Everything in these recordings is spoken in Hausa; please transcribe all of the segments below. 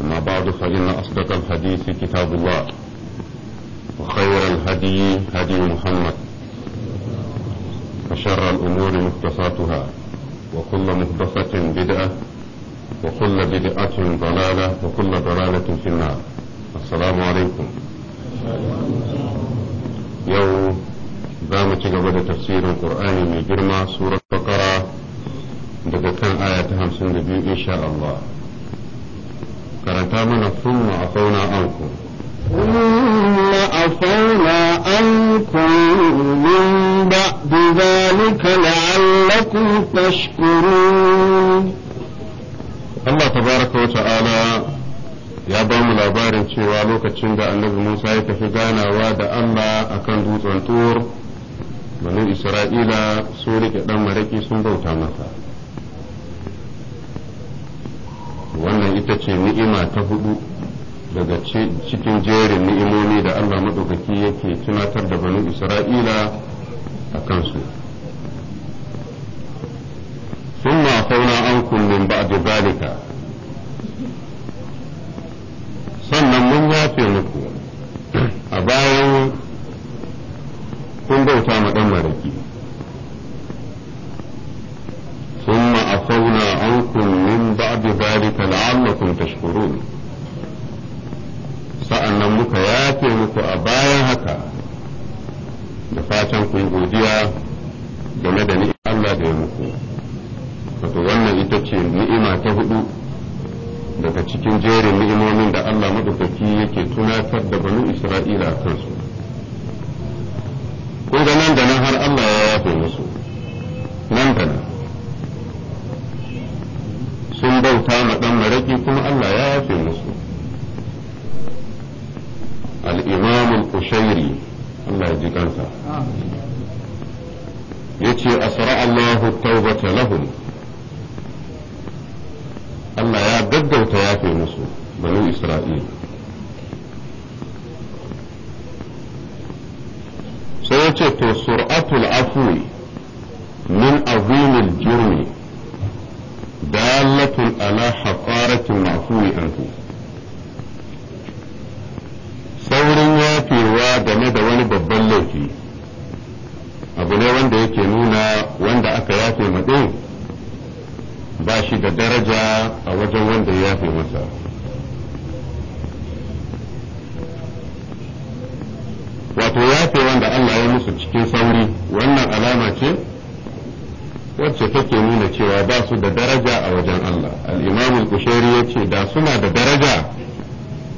أما بعد فإن أصدق الحديث كتاب الله وخير الهدي هدي محمد وشر الأمور محدثاتها وكل مهدفة بدعة وكل بدعة ضلالة وكل ضلالة في النار السلام عليكم يوم دامة قبل تفسير القرآن من جرمى سورة بقرة بدأت آية 52 إن شاء الله karanta mana kuma a fauna fauna an ku yin ba بعد zalika لعلكم tashkuru. Allah ta baraka wa ta'ala ya ba mu labarin cewa lokacin da annabi Musa ya tafi ganawa da Allah a kan dutsen tur bani Isra'ila sun rike dan mariki sun bauta masa wannan ita ce ni'ima ta hudu daga cikin jerin ni'imomi da Allah maɗaukaki yake tunatar da banu Isra'ila a kansu. ثم عفونا عنكم من بعد ذلك sannan mun yafe muku a bayan kun bauta ma ɗan maraki ثم عفونا عنكم من بعد ذلك لعلكم تشكرون sa'annan muka yafe muku a bayan haka da fatan kun godiya game da ni'imar Allah da ya muku wato wannan ita ce ni'ima ta hudu daga cikin jerin ni'imomin da Allah maɗaukaki yake tunatar da banu Isra'ila a kansu kun ga nan da nan har Allah ya yafe musu nan da nan sun bauta ma ɗan maraƙi kuma Allah ya yafe musu al-imam al-qushairi Allah ya ji kansa yace asra Allahu tawbata lahum Allah ya gaggauta yafe musu banu Isra'il sai ya ce to sur'atul afwi min azimil jirmi. دالة على حقارة المعفو عنه saurin yafewa game da wani babban laifi abu ne wanda yake nuna wanda aka yafe maɗin ba shi da daraja a wajen wanda ya yafe masa wato yafe wanda Allah ya musu cikin sauri wannan alama ce wacce take nuna cewa ba su da daraja a wajen Allah al-Imam al ce yace da suna da daraja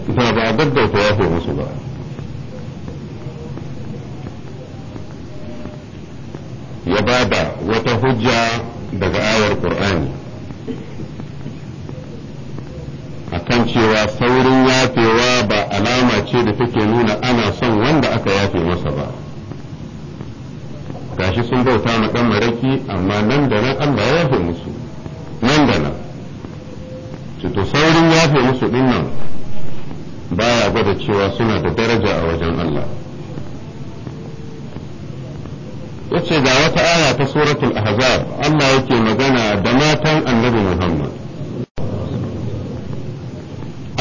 da ba gaggauta yafe musu ba ya ba da wata hujja daga ayar Qur'ani akan cewa saurin yafewa ba alama ce da take nuna ana son wanda aka yafe masa ba gashi sun bauta ma dan maraki amma nan da nan Allah ya yafe musu nan da nan to saurin yafe musu din nan baya gwada cewa suna da daraja a wajen Allah yace ga wata aya ta suratul ahzab Allah yake magana da matan annabi Muhammad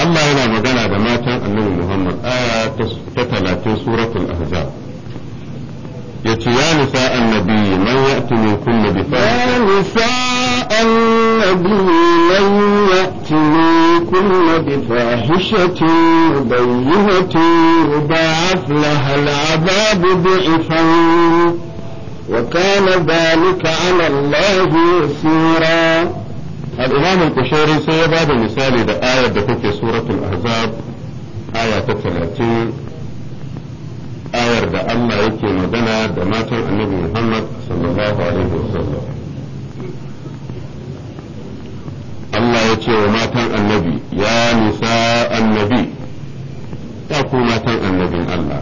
Allah yana magana da matan annabi Muhammad aya ta 30 suratul ahzab يتي يا نساء النبي من يأتي كل بفاحشة يا نساء النبي من يأتي منكن بفاحشة مبينة يضاعف لها العذاب ضعفا وكان ذلك على الله يسيرا الإمام القشيري سيبقى بمثال إذا آية بكتي سورة الأحزاب آية 30 ayar da Allah yake magana da matan annabi Muhammad sallallahu alaihi wasallam Allah ya ce wa matan annabi ya nisa annabi ta ku matan annabin Allah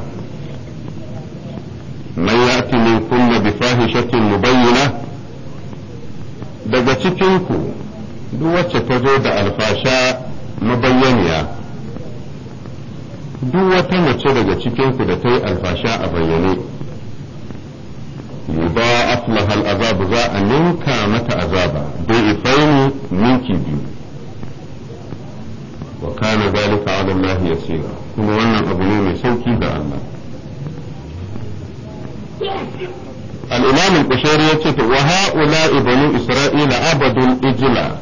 man ya'ti min kulli mu bayyana? daga cikinku duk wacce ta zo da alfasha mabayyaniya duk wata mace daga cikinku da ta yi alfasha a bayyane yuba aflahal azabu za a ninka mata azaba ifaini ninki biyu wa kana zalika ala Allah yasira kuma wannan abu ne mai sauki ga Allah al-imam al-qashari yace to wa haula banu isra'ila abadul ijla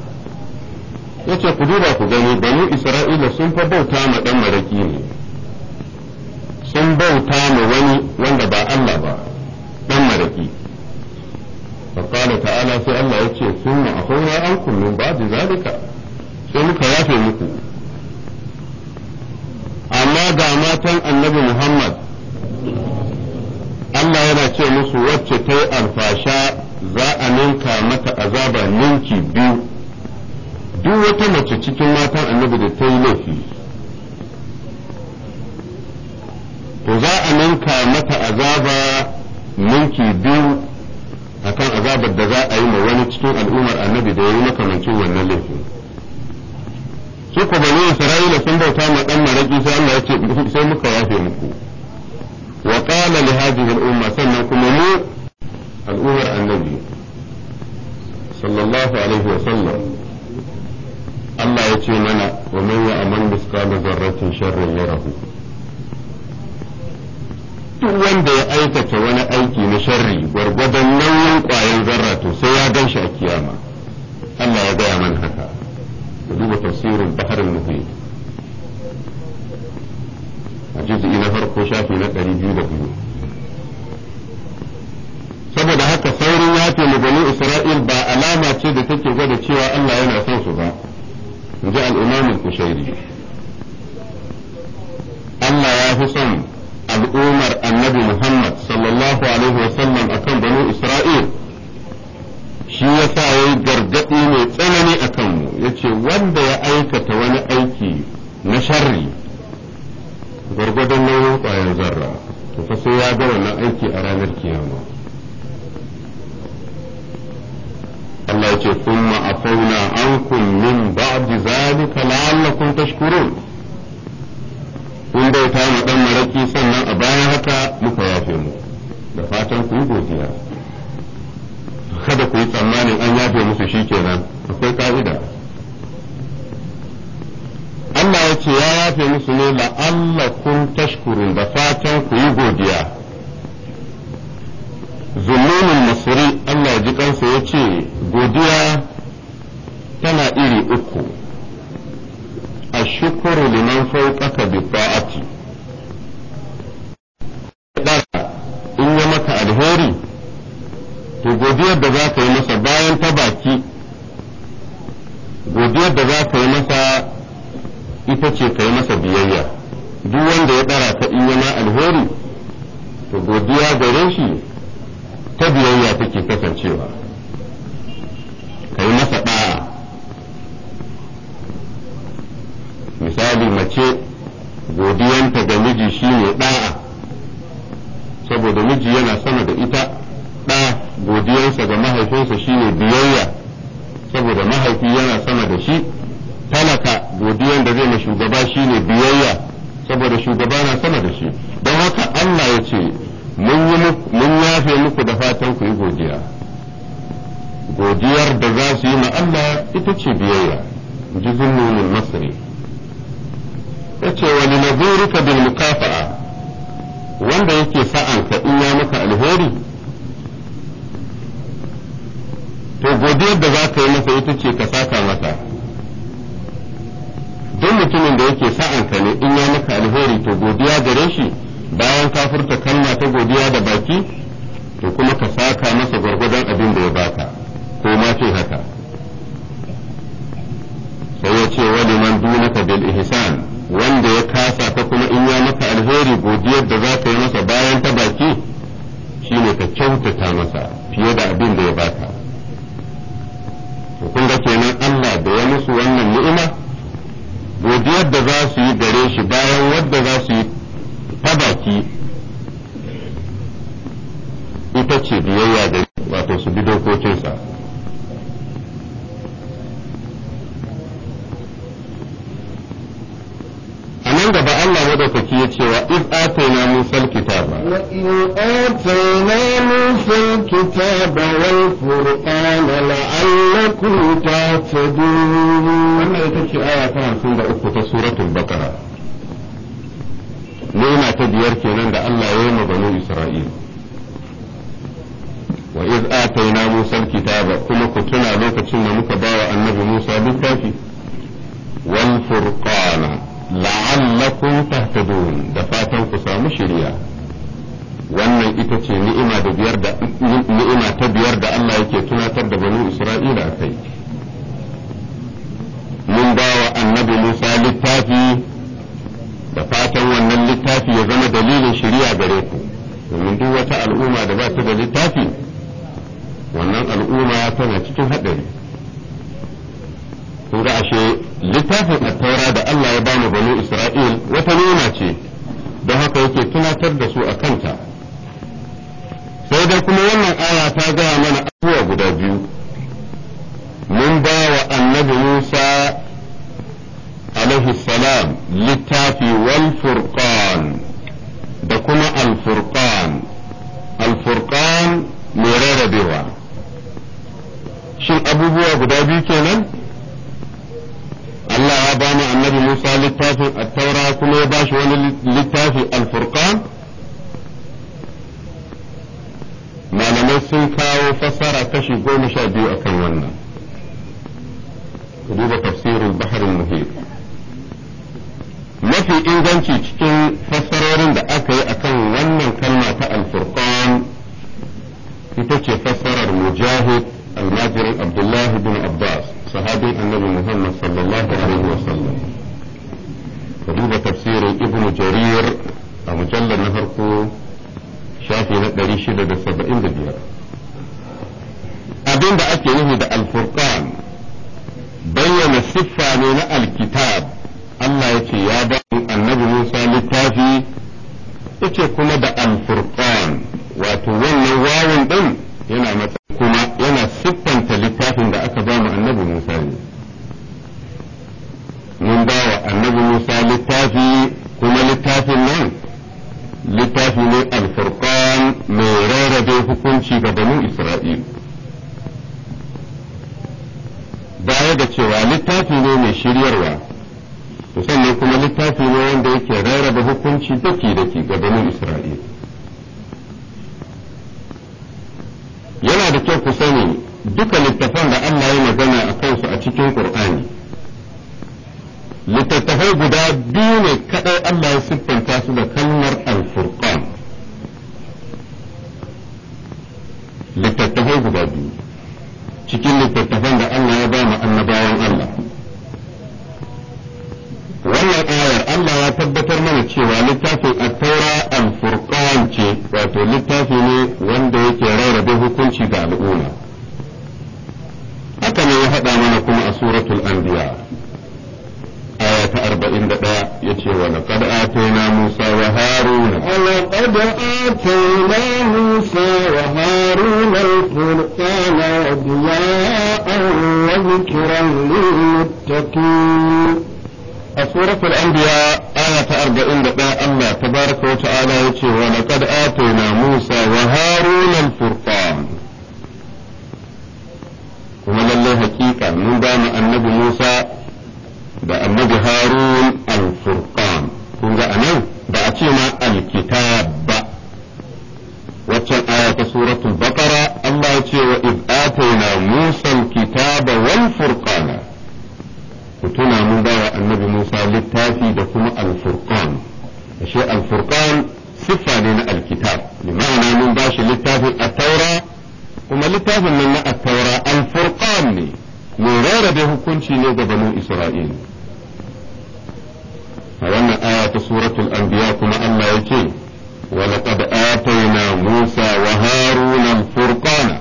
yace ku duba ku gani bani isra'ila sun fa bauta ma dan maraki ne sun bauta ma wani wanda ba Allah ba dan maraki فقال تعالى sai Allah yace ثم أخونا عنكم ba da zalika sai muka yafe muku amma ga matan annabi Muhammad Allah yana ce musu wacce ta yi alfasha za a ninka mata azaba ninki biyu duk wata mace cikin matan annabi da ta yi laifi to za a ninka mata azaba ninki biyu akan azabar da za a yi ma wani cikin al'ummar annabi da ya yi makamancin wannan laifin su ku bani isra'ila sun bauta ma dan maraki sai Allah ya ce sai muka yafe muku wa qala li hadhihi al-umma sannan kuma mu al'ummar annabi sallallahu alaihi wa sallam Allah ya ce mana wa man ya'mal misqala dharratin sharrin yarahu duk wanda ya aikata wani aiki na sharri gwargwadon nauyin ƙwayar zarra to sai ya gan shi a kiyama Allah ya gaya mana haka ku duba tafsirin bahar muhi a juz'i na farko shafi na ɗari biyu da biyu saboda haka saurin ya mu bani Isra'il ba alama ce da take gwada cewa Allah yana son su ba in ji al kushairi Allah ya fi son al'ummar annabi Muhammad sallallahu alaihi wasallam akan banu Isra'il shi ya sa ya yi gargaɗi mai tsanani a kanmu ya ce wanda ya aikata wani aiki na sharri gwargwadon nauyin ƙwayar zarra to fa sai ya ga wannan aiki a ranar kiyama Allah ya ce kuma an ankum min ba'di zalika la'allakum tashkurun kun bauta mu dan maraki sannan a bayan haka muka yafe mu da fatan ku godiya kada ku yi tsammanin an yafe musu shi kenan akwai ka'ida Allah ya ce ya yafe musu ne la'allakum tashkurun da fatan ku yi godiya zumunin masuri Allah ya ji kansa ya ce godiya tana iri uku الشكر لمن فوقك بالطاعة in ya maka alheri to godiyar da za ka masa bayan ta baki godiyar da za ka yi masa ita ce kai masa biyayya duk wanda ya ɗara ka in yana alheri to godiya gare shi ta biyayya take kasancewa ka misali mace godiyanta ga miji shine ɗa'a saboda miji yana sama da ita ɗa godiyarsa ga mahaifinsa shine biyayya saboda mahaifi yana sama da shi talaka godiyan da zai ma shugaba shine biyayya saboda shugaba na sama da shi don haka Allah ya ce mun yafe muku da fatan ku yi godiya godiyar da za su yi ma Allah ita ce biyayya ji nunin masri yace wani ka bil mukafa'a wanda yake sa'an ka in ya maka alheri to godiyar da za ka yi masa ita ce ka saka masa duk mutumin da yake sa'an ka ne in ya maka alheri to godiya gare shi bayan ka furta kalma ta godiya da baki to kuma ka saka masa gwargwadon abin da ya baka ko ma ce haka sai ya ce wani man dunaka bil ihsan wanda ya kasa ka kuma in ya maka alheri godiyar da za ka yi masa bayan ta baki shine ka kyautata masa fiye da abin da ya baka kun ga kenan Allah da ya musu wannan ni'ima godiyar da za su yi gare shi bayan wadda za su yi ta baki ita ce biyayya da wato su bi dokokinsa can gaba Allah madaukaki ya ce wa iz atayna musal kitaba wa in atayna musal kitaba wal furqana la'allakum tahtadun wannan ita ce aya ta 53 ta suratul baqara nema ta biyar kenan da Allah ya yi ma banu Isra'ila wa iz atayna musal kitaba kuma ku tuna lokacin da muka bawa annabi Musa littafi wal furqana la'allakum tahtadun da fatan ku samu shari'a wannan ita ce ni'ima da biyar da ni'ima ta biyar da Allah yake tunatar da banu Isra'ila akai mun wa annabi Musa littafi da fatan wannan littafi ya zama dalilin shari'a gare ku domin duk wata al'umma da ba ta da littafi wannan al'umma tana cikin haɗari kun ga ashe littafin attaura da Allah ya bani bani Isra'il wata nuna ce don haka yake tunatar da su a kanta sai dai kuma wannan aya ta gaya mana abubuwa guda biyu mun ba wa annabi Musa alaihi salam littafi wal furqan da kuma al furqan al furqan mai rarrabewa shin abubuwa guda biyu kenan Allah ya bani annabi Musa littafin attaura kuma ya bashi wani littafi alfurqan malamai sun kawo fassara kashi goma sha biyu akan wannan duba tafsirin baharin muhim mafi inganci cikin fassarorin da aka yi akan wannan kalma ta alfurqan ita ce fassarar mujahid almajirin abdullahi bin abbas sahabin annabi Muhammad sallallahu alaihi wa sallam ka tafsirin ibn jarir a mujallar na farko shafi na 675 abin da ake nufi da alfurqan bayyana siffa ne na alkitab Allah ya ce ya ba annabi Musa littafi yace kuma da alfurqan wato wannan wawun din yana mata kuma yana siffanta littafin da aka ba mu annabi Musa ne mun ba wa annabi Musa littafi kuma littafin nan littafi ne alfurqan mai rarrabe hukunci ga banin Isra'il baya da cewa littafi ne mai shiryarwa sannan kuma littafi ne wanda yake rarraba hukunci daki-daki ga banin Isra'il yana da kyau ku sani duka littafan da Allah ya magana a kansu a cikin Qur'ani littattafai guda biyu ne kadai Allah ya siffanta su da kalmar al-furqan littattafai guda biyu cikin littattafan da Allah ya ba mu annabawan Allah cewa littafin attaura al-furqan ce wato littafi ne wanda yake rarrabe hukunci ga al'umma haka ne ya haɗa mana kuma a suratul anbiya aya ta arba'in da ɗaya ya ce wa laqad atayna musa wa haruna wa laqad atayna musa wa al wa diya'an wa dhikran lil-muttaqin a suratul anbiya aya ta arba'in da ɗaya Allah ta baraka wa ta'ala ya ce wa laqad atayna Musa wa Harun al kuma lallai hakika mun ba annabi Musa da annabi Harun al-Furqan kun ga anan ba a ce ma alkitaba. waccan aya ta suratul baqara Allah ya ce wa id atayna Musa al-kitaba وتنا من بارة النبي موسى للتافي دكما الفرقان الشيء الفرقان صفة لنا الكتاب لمعنى من باش للتافي التوراة وما للتافي من التوراة الفرقان نورار به كنشي لدى بنو إسرائيل فلما آيات سورة الأنبياء كما الله يجي ولقد آتينا موسى وهارون الفرقان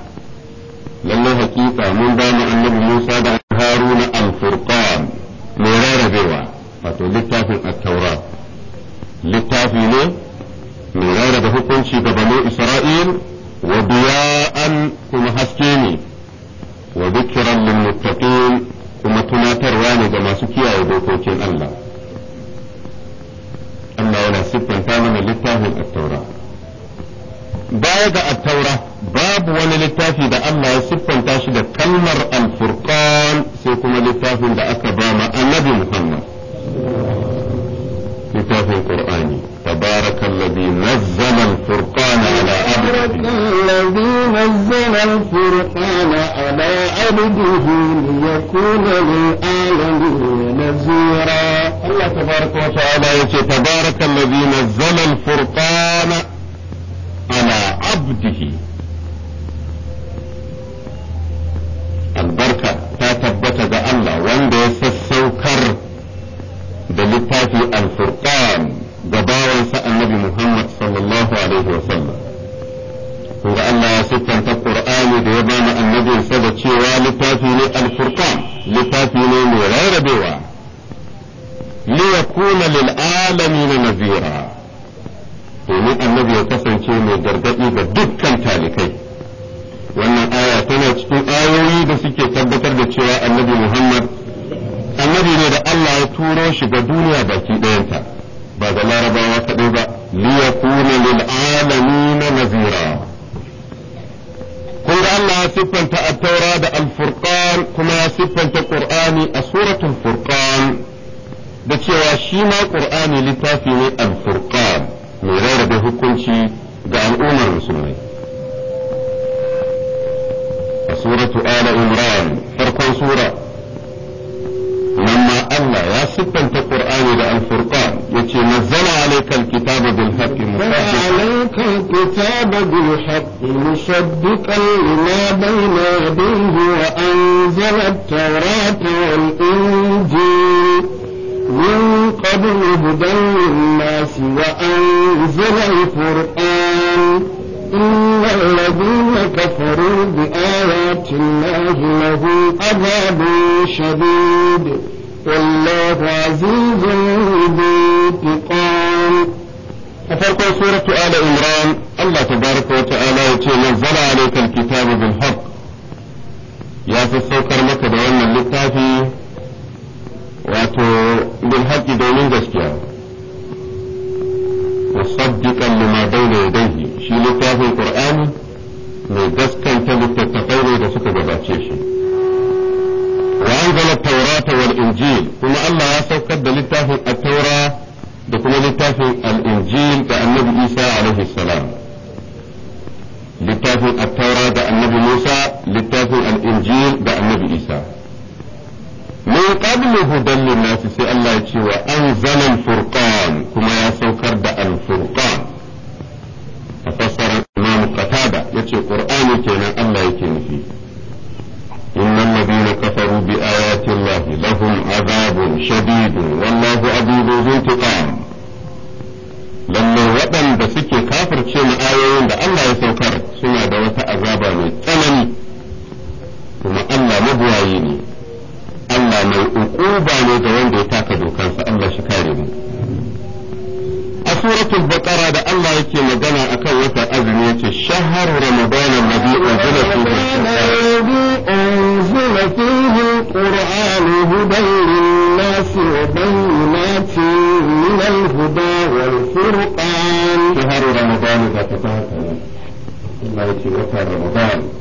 lallai hakika mun bani annabi Musa da Haruna al-Furqan mai rarrabewa wato littafin at littafi ne mai rarraba hukunci ga banu Isra'il wa biya'an kuma haske ne wa dhikran lil muttaqin kuma tunatarwa ne ga masu kiyaye dokokin Allah Allah yana siffanta mana littafin at-Taurat baya ga at babu wani littafi da Allah ya siffanta shi da kalmar alfurqan sai kuma littafin da aka ba ma annabi Muhammad littafin Qur'ani تبارك الذي نزل الفرقان على عبده الذي نزل الفرقان على عبده ليكون للعالمين نزيرا الله تبارك وتعالى يقول تبارك الذي نزل الفرقان على عبده albarka ta tabbata ga Allah wanda ya sassaukar da littafi al-furqan ga bawansa annabi Muhammad sallallahu alaihi wa sallam ga Allah ya siffanta Qur'ani da ya bani annabinsa da cewa littafi ne al-furqan littafi ne mai rarrabewa ليكون للعالمين nazira domin annabi ya kasance mai gargaɗi ga dukkan talikai wannan aya tana cikin ayoyi da suke tabbatar da cewa annabi Muhammad annabi ne da Allah ya turo shi ga duniya baki ɗayanta ba ga larabawa kaɗai ba liyakuna lil alamin nazira kun ga Allah ya siffanta at-taura da al-furqan kuma ya siffanta qur'ani a suratul furqan da cewa shi ma qur'ani littafi ne al-furqan mai rarrabe hukunci ga al'ummar musulmai سورة آل عمران فرق سورة لما الله يا ستة القرآن إلى الفرقان يتي نزل عليك الكتاب بالحق مصدقا عليك الكتاب بالحق مصدقا لما بين يديه وأنزل التوراة والإنجيل من قبل هدى للناس وأنزل القرآن إن الذين كفروا بآيات الله لهم عذاب شديد والله عزيز ذو انتقام أفرق سورة آل عمران الله تبارك وتعالى نزل عليك الكتاب بالحق يا في السوكر مكة دوانا اللتافي واتو بالحق دونين جسكيا musaddiqan lima bayna yadayhi shi littafin qur'ani mai gaskanta littattafai ne da suka gabace shi wa anzala tawrata wal injil kuma Allah ya saukar da littafin at-taura da kuma littafin al-injil da annabi Isa alaihi salam littafin at-taura da annabi Musa littafin al-injil da annabi Isa min qablu hudan linnas sai Allah ya ce wa anzala al-furqan kuma ya saukar da al-furqan a fassara Imam Qatada yace Qur'ani kenan Allah yake nufi innal ladina kafaru bi ayati Allah lahum azabun shadidun wallahu adibun intiqam lalle waɗanda suke kafirce mu ayoyin da Allah ya saukar suna da wata azaba mai tsanani kuma Allah mabuwayi ne Allah mai ukuba ne da wanda ya taka dokar sa Allah shi kare mu a suratul baqara da Allah yake magana akan wata azumi yace shahru ramadan alladhi unzila fihi القرآن هدى للناس وبينات من الهدى والفرقان شهر رمضان ذات الله يتي وتر رمضان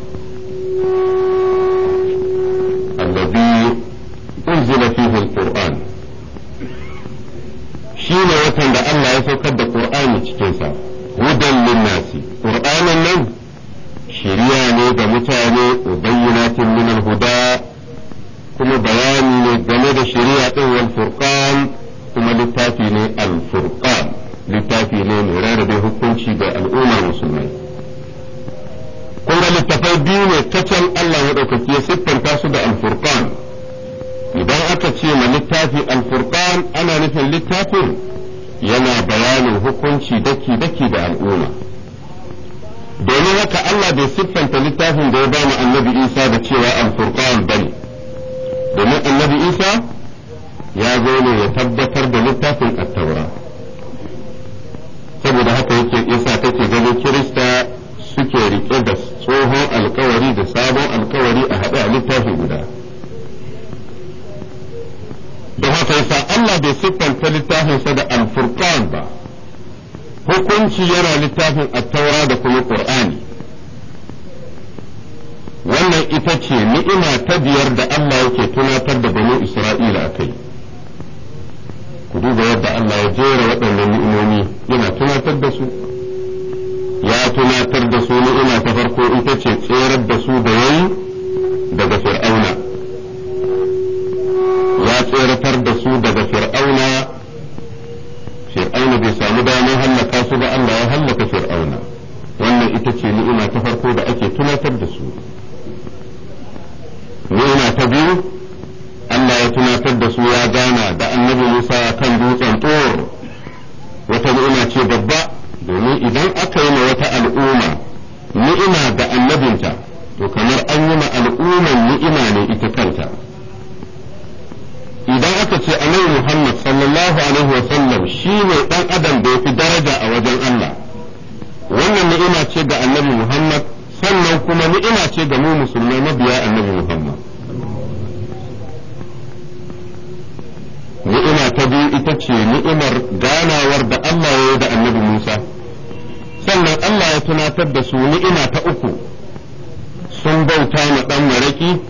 التأكيد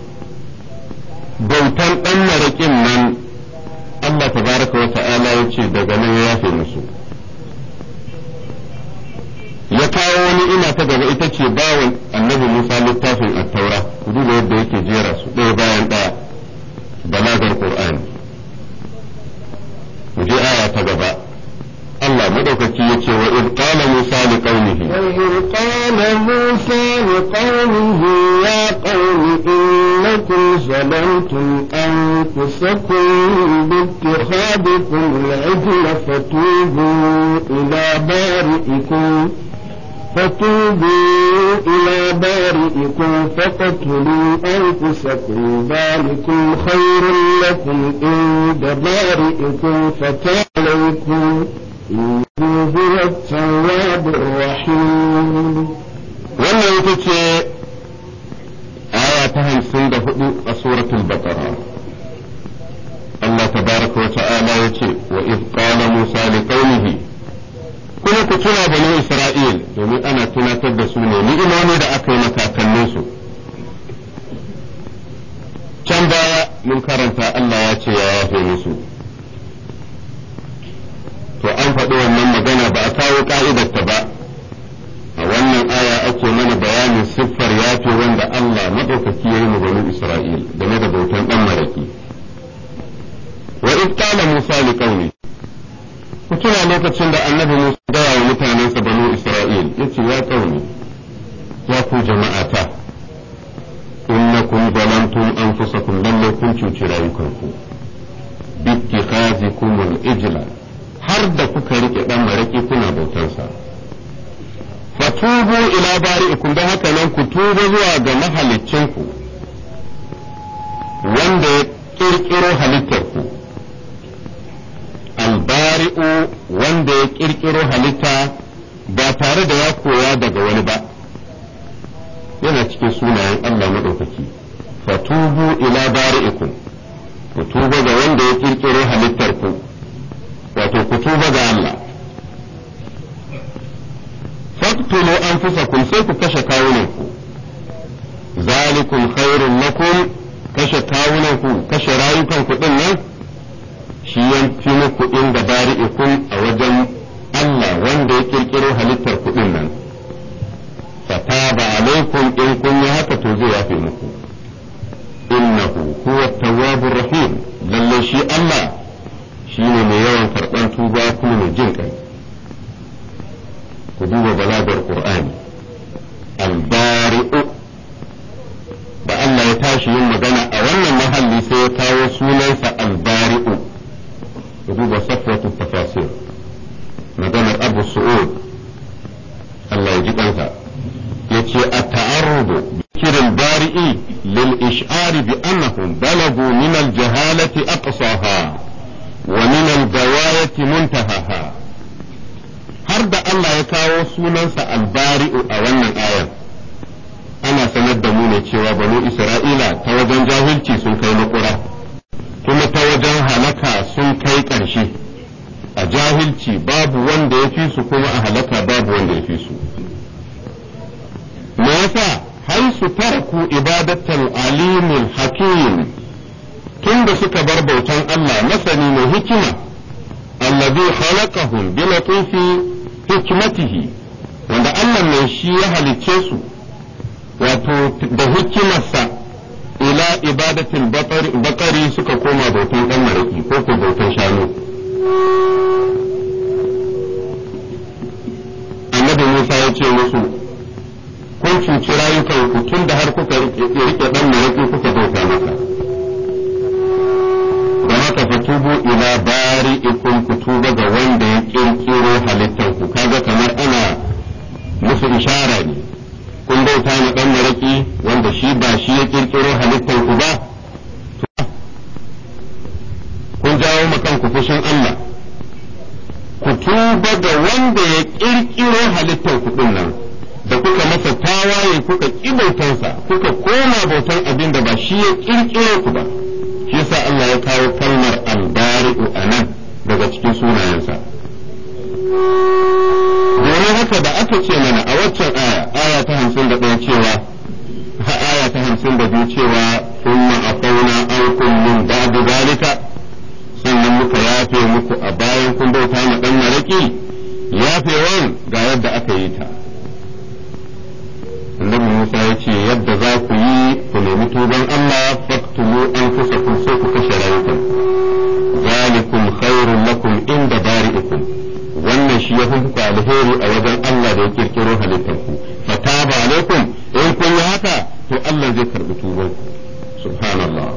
subhanallah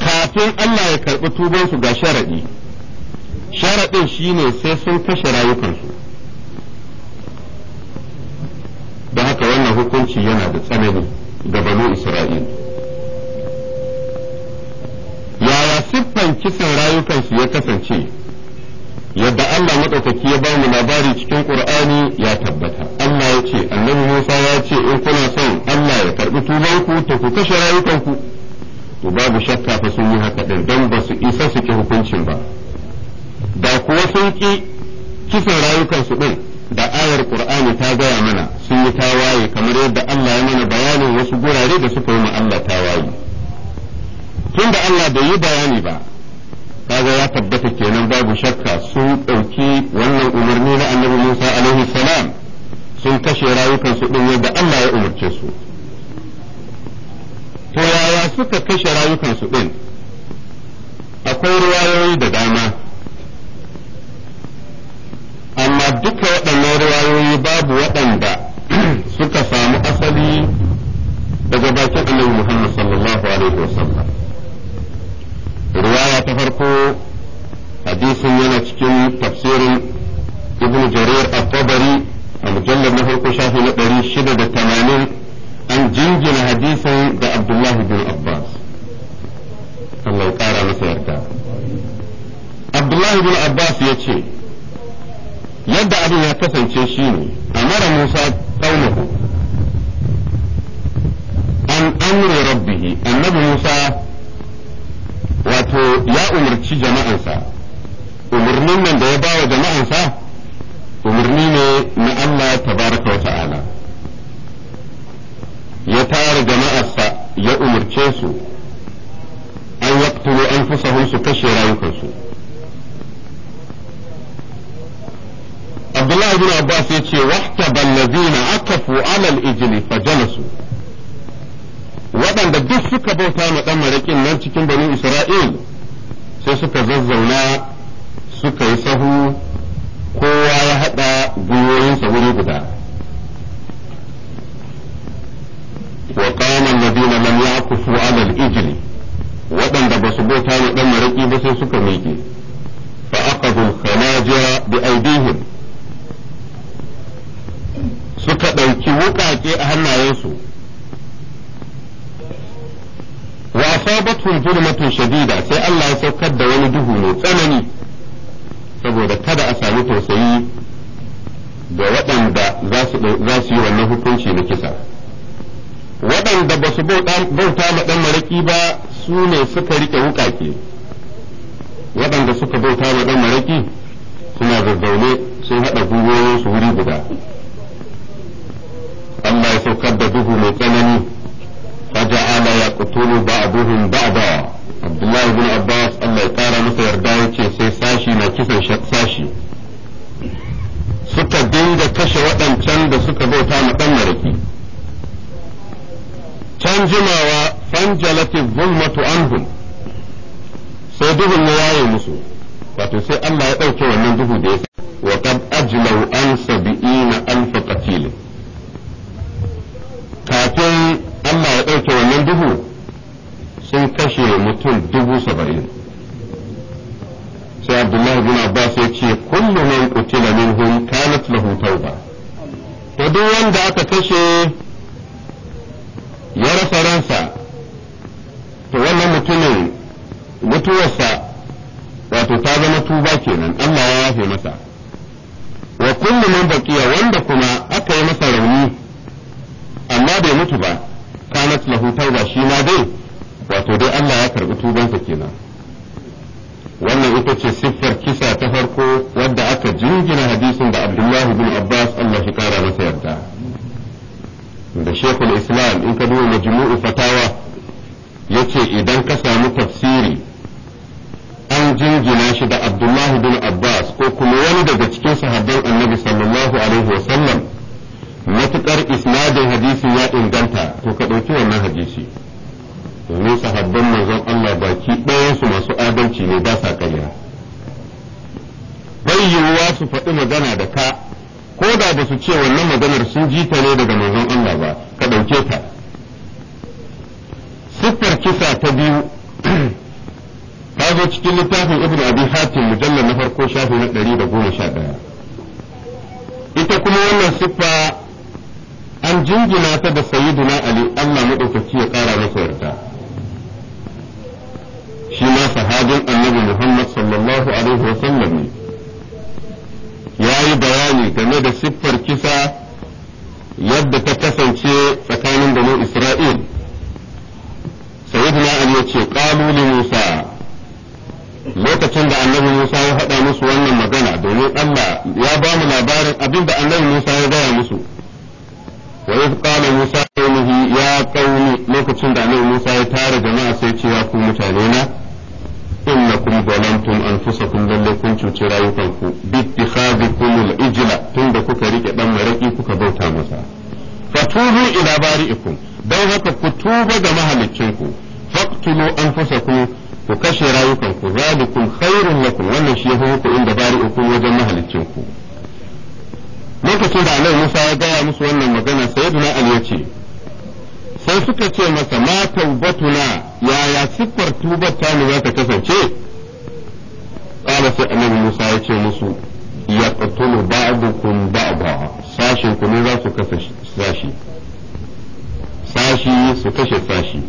kafin Allah ya karɓi tubansu ga sharaɗi sharaɗin shine sai sun kashe rayukansu da haka wannan hukunci yana da tsanani ga banu Isra'il yaya siffan kisan rayukansu ya kasance yadda Allah maɗaukaki ya ba mu labari cikin Ƙur'ani ya tabbata Allah ya ce annabi Musa ya ce in kuna son karɓi ku to ku kashe rayukanku to babu shakka fa sun yi haka ɗin don ba su isa su ki hukuncin ba da kuwa sun ki kisan rayukansu ɗin da ayar qur'ani ta gaya mana sun yi tawaye kamar yadda Allah ya mana bayanin wasu gurare da suka yi ma Allah tawaye tunda Allah bai yi bayani ba kaga ya tabbata kenan babu shakka sun ɗauki wannan umarni na annabi Musa alaihi asabatu zulmatun shadida sai Allah ya saukar da wani duhu mai tsanani saboda kada a sami tausayi ga waɗanda za su yi wannan hukunci na kisa waɗanda ba su bauta ma ɗan maraƙi ba su ne suka riƙe wuƙaƙe waɗanda suka bauta ma ɗan maraƙi suna zazzaune sun haɗa gwiwoyinsu wuri guda Allah ya saukar da duhu mai tsanani فجعل يقتل بعضهم بعضا عبد الله بن عباس الله يقارى مثل يرداوي كي سي ساشي ما كيسا شك ساشي suka dinga kashe waɗancan da suka bauta ma ɗan maraki can jimawa zulmatu anhum sai duhun ya yaye musu wato sai Allah ya ɗauke wannan duhu da ya sabi'ina alf kafin Allah ya ɗauke wannan duhu sun kashe mutum dubu saba'in sai abdullahi bin abbas ya ce kullum man qutila minhum kanat lahu tauba to duk wanda aka kashe ya rasa ransa to wannan mutumin mutuwarsa wato ta zama tuba kenan Allah ya yafe masa wa kullum man baqiya wanda kuma aka yi masa rauni amma bai mutu ba kanat lahu tauba shi ma dai wato dai Allah ya karbi tubansa kenan wannan ita ce siffar kisa ta farko wadda aka jingina hadisin da Abdullahi bin Abbas Allah shi kara masa yarda da Sheikhul Islam in ka duba majmu'u fatawa yace idan ka samu tafsiri an jingina shi da Abdullahi bin Abbas ko kuma wani daga cikin sahabban Annabi sallallahu alaihi matuƙar isnadin hadisi ya inganta to ka ɗauki wannan hadisi domin sahabban manzon Allah baki ɗayansu masu adalci ne ba sa ƙarya bai yiwuwa su faɗi magana da ka ko da ba su ce wannan maganar sun ji ta ne daga manzon Allah ba ka ɗauke ta siffar kisa ta biyu ta zo cikin littafin ibn abi hatim mujallar na farko shafi na ɗari da goma sha ɗaya ita kuma wannan siffa an jingina ta da sayyiduna ali Allah madaukaki ya kara masa yarda shi ma sahabin annabi Muhammad sallallahu alaihi wa sallam ne yayi bayani game da siffar kisa yadda ta kasance tsakanin da Isra'il sayyiduna ali ya ce qalu li Musa lokacin da annabi Musa ya haɗa musu wannan magana domin Allah ya ba mu labarin abinda da annabi Musa ya gaya musu wa idh qala musa qaumihi ya qaumi lokacin da annabi musa ya tara jama'a sai cewa ya ku mutane na innakum zalamtum anfusakum lalle kun cuci rayukanku bittikhadikum al ijila tunda kuka rike ɗan maraki kuka bauta masa fatubu ila bari'ikum don haka ku tuba ga mahalicinku faqtulu anfusakum ku kashe rayukanku zalikum khairun lakum wannan shi ya ku inda bari'ikum wajen mahalicinku ku lokacin da annabi Musa ya gaya musu wannan magana sayyidina Ali ya ce sai suka ce masa ma taubatuna yaya siffar tubar ta mu za ta kasance qala sai annabi Musa ya ce musu ya qatulu ba'dukum ba'da sashin ku ne za su kashe sashi sashi su kashe sashi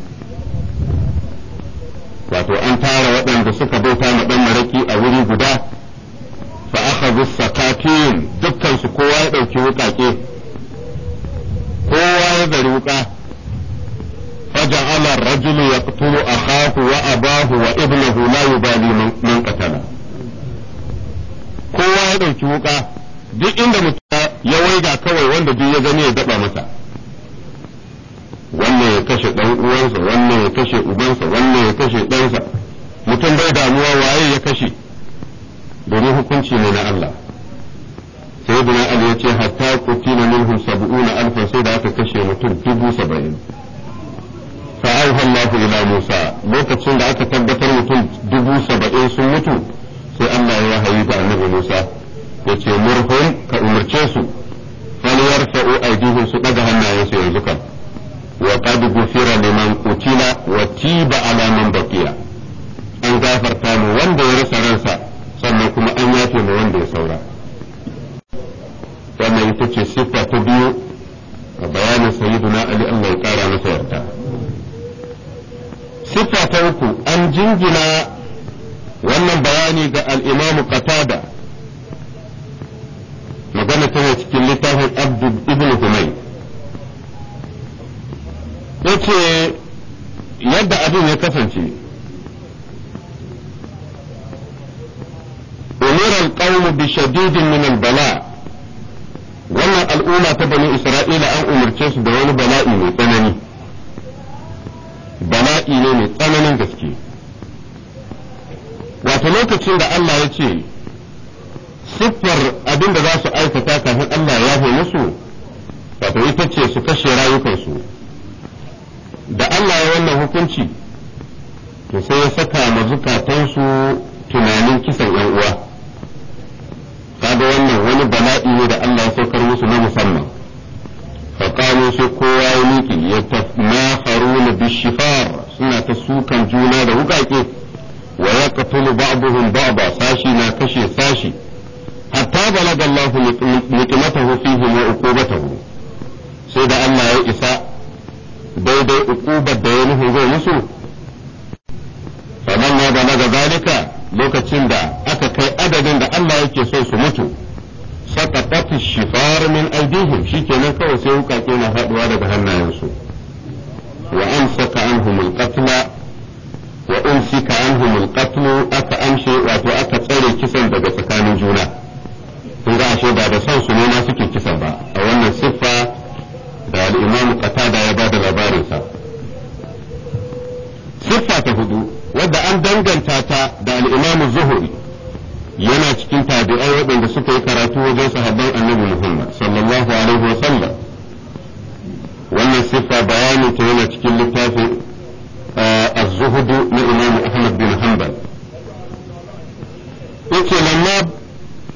wato an tara waɗanda suka bauta ma dan maraki a wuri guda fa aka sakatin dukkan su kowa ya dauki wukake kowa ya bari wuka ya a فجعل الرجل يقتل أخاه وأباه وابنه لا يبالي من قتله kowa ya ɗauki wuka duk inda mutum ya waiga kawai wanda duk ya gani ya daba mata. wannan ya kashe ɗan uwansa wannan ya kashe ubansa wannan ya kashe ɗansa mutum bai damuwa waye ya kashe domin hukunci ne na Allah sai da Ali ya ce hatta qutila minhum sab'una sai da aka kashe mutum dubu saba'in fa auha Allahu ila Musa lokacin da aka tabbatar mutum dubu saba'in sun mutu sai Allah ya wahayi da Annabi Musa ya ce murhum ka umarce su falyarfa'u aydihim su daga hannayensu yanzu kan wa qad ghufira liman qutila wa tiba ala man baqiya an gafarta mu wanda ya rasa ransa sannan kuma an yafe ma wanda ya saura wannan ita ce siffa ta biyu a bayanin sayyiduna ali Allah ya kara masa yarda siffa ta uku an jingina wannan bayani ga al-imam qatada magana tana cikin littafin abdu ibn humay yace yadda abin ya kasance umira alqawm bi shadidin na Bala. wannan al'umma ta bani isra'ila an umarce su da wani bala'i mai tsanani bala'i ne mai tsananin gaske wato lokacin da Allah ya ce siffar abin da za su aikata kafin Allah ya fi musu wato ita ce su kashe rayukansu da Allah ya wannan hukunci to sai ya saka ma zukatansu tunanin kisan uwa kaga wannan wani bala'i ne da Allah ya saukar musu na musamman faƙamu sai kowa ya miƙi ya bishifar suna ta sukan juna da wuƙaƙe wa ya katulu ba'duhum ba'da sashi na kashe sashi hatta balaga Allah nikmatahu fihim wa uqubatahu sai da Allah ya isa daidai uqubar da ya nuhu zai musu faman ma balaga zalika lokacin da aka kai adadin da Allah yake so su mutu saqatat shifar min aydihim shikenan kawai sai wukake na faduwa daga hannayensu wa amsaka anhum alqatla wa umsika anhum alqatl aka amshe wato aka tsare kisan daga tsakanin juna kun ga ashe ba da son su ne ma suke kisan ba a wannan siffa da al-imam qatada ya bada labarinsa siffa ta hudu wadda an danganta ta da al'imamu zuhuri yana cikin tabi'ai waɗanda suka yi karatu wajen sahabban annabi Muhammad sallallahu alaihi wa sallam wannan siffa bayani ta yana cikin littafin eh, az zuhudu na imamu Ahmad bin Hanbal yake lamma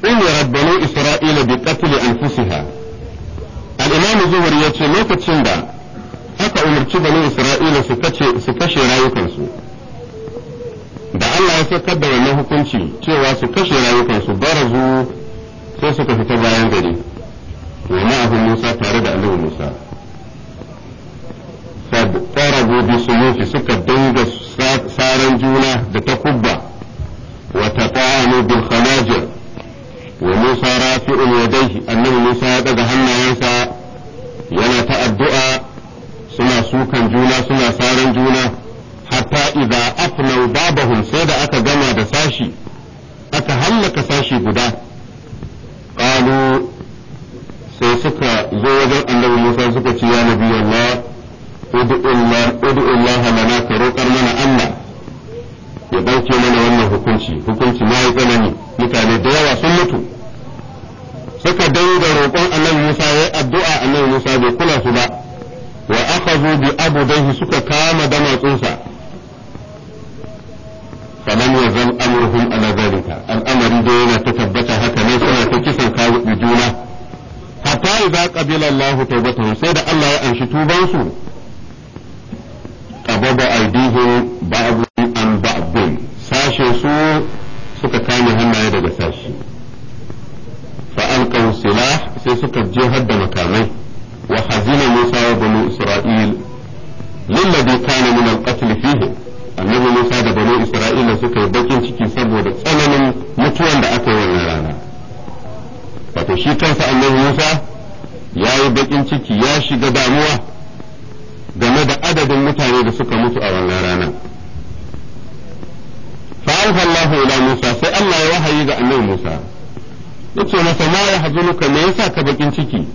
umirat banu Isra'ila bi qatl anfusiha al-Imam ya yace lokacin da aka umarci bani Isra'ila su kace su kashe rayukansu da Allah ya saukar da wannan hukunci cewa su kashe rayukansu barazu sai suka fita bayan gari wa ma'ahu Musa tare da Annabi Musa farago bi suyufi suka dinga saran juna da takubba wa taqanu bil khanajir wa Musa rafi'un yadayhi Annabi Musa ya daga hannayensa yana ta addu'a suna sukan juna suna saran juna hatta idza afnau babahum sai da aka gama da sashi aka hallaka sashi guda qalu sai suka zo wajen annabi Musa suka ce ya nabi Allah ud'u ka roƙar mana Allah ya dauke mana wannan hukunci hukunci tsanani mutane da yawa sun mutu suka dauda roƙon annabi Musa ya addu'a annabi Musa bai kula su ba wa zo bi abu abudaihi suka kama damatsunsa falam yazal amruhum ala zalika al'amari da yana ta tabbata haka ne suna ta kisan kawo juna hatta idza qabila Allahu tawbatahum sai da Allah ya anshi tuban su qabada aydihim ba'd an ba'd sashe su suka kame hannaye daga sashi fa alqaw silah sai suka jihar da makamai wa hazina Musa wa bani Isra'il lillazi kana min al annabi Musa da bani Isra'ila suka yi bakin ciki saboda tsananin mutuwan da aka yi wannan rana wato shi kansa annabi Musa ya yi bakin ciki ya shiga damuwa game da adadin mutane da suka mutu a wannan rana fa'alfa Allah ila Musa sai Allah ya wahayi ga annabi Musa yace masa ma ya hazunuka me yasa ka bakin ciki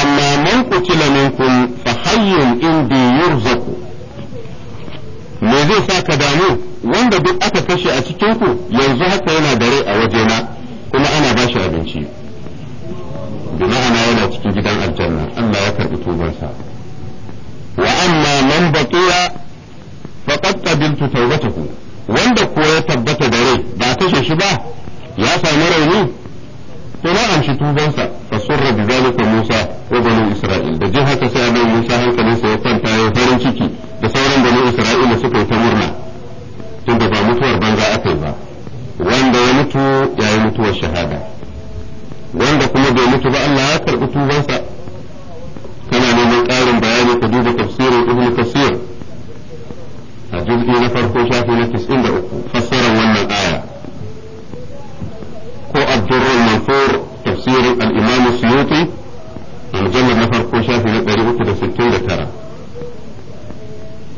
amma man qutila minkum fa hayyun indi yurzaku me zai sa ka damu wanda duk aka kashe a cikin ku yanzu haka yana da rai a wajena kuma ana ba shi abinci bi ma'ana yana cikin gidan aljanna Allah ya karbi tubansa wa amma man baqiya faqad qabiltu tawbatahu wanda ko ya tabbata da rai ba kashe shi ba ya samu rauni to na amshi tubansa fa surra bi zalika Musa wa banu Isra'il da jin haka sai Annabi Musa hankalinsa ya kwanta ya farin ciki da sauran bani isra'ila suka yi ta murna tunda ba mutuwar banza aka yi ba wanda ya mutu ya yi mutuwar shahada wanda kuma bai mutu ba Allah ya karɓi tubansa kana neman ƙarin bayani ka duba tafsirin ibnu kasir a juz'i na farko shafi na 93 fassarar wannan aya ko abdurrul mansur tafsirin al-imam suyuti a mujallar na farko shafi na 369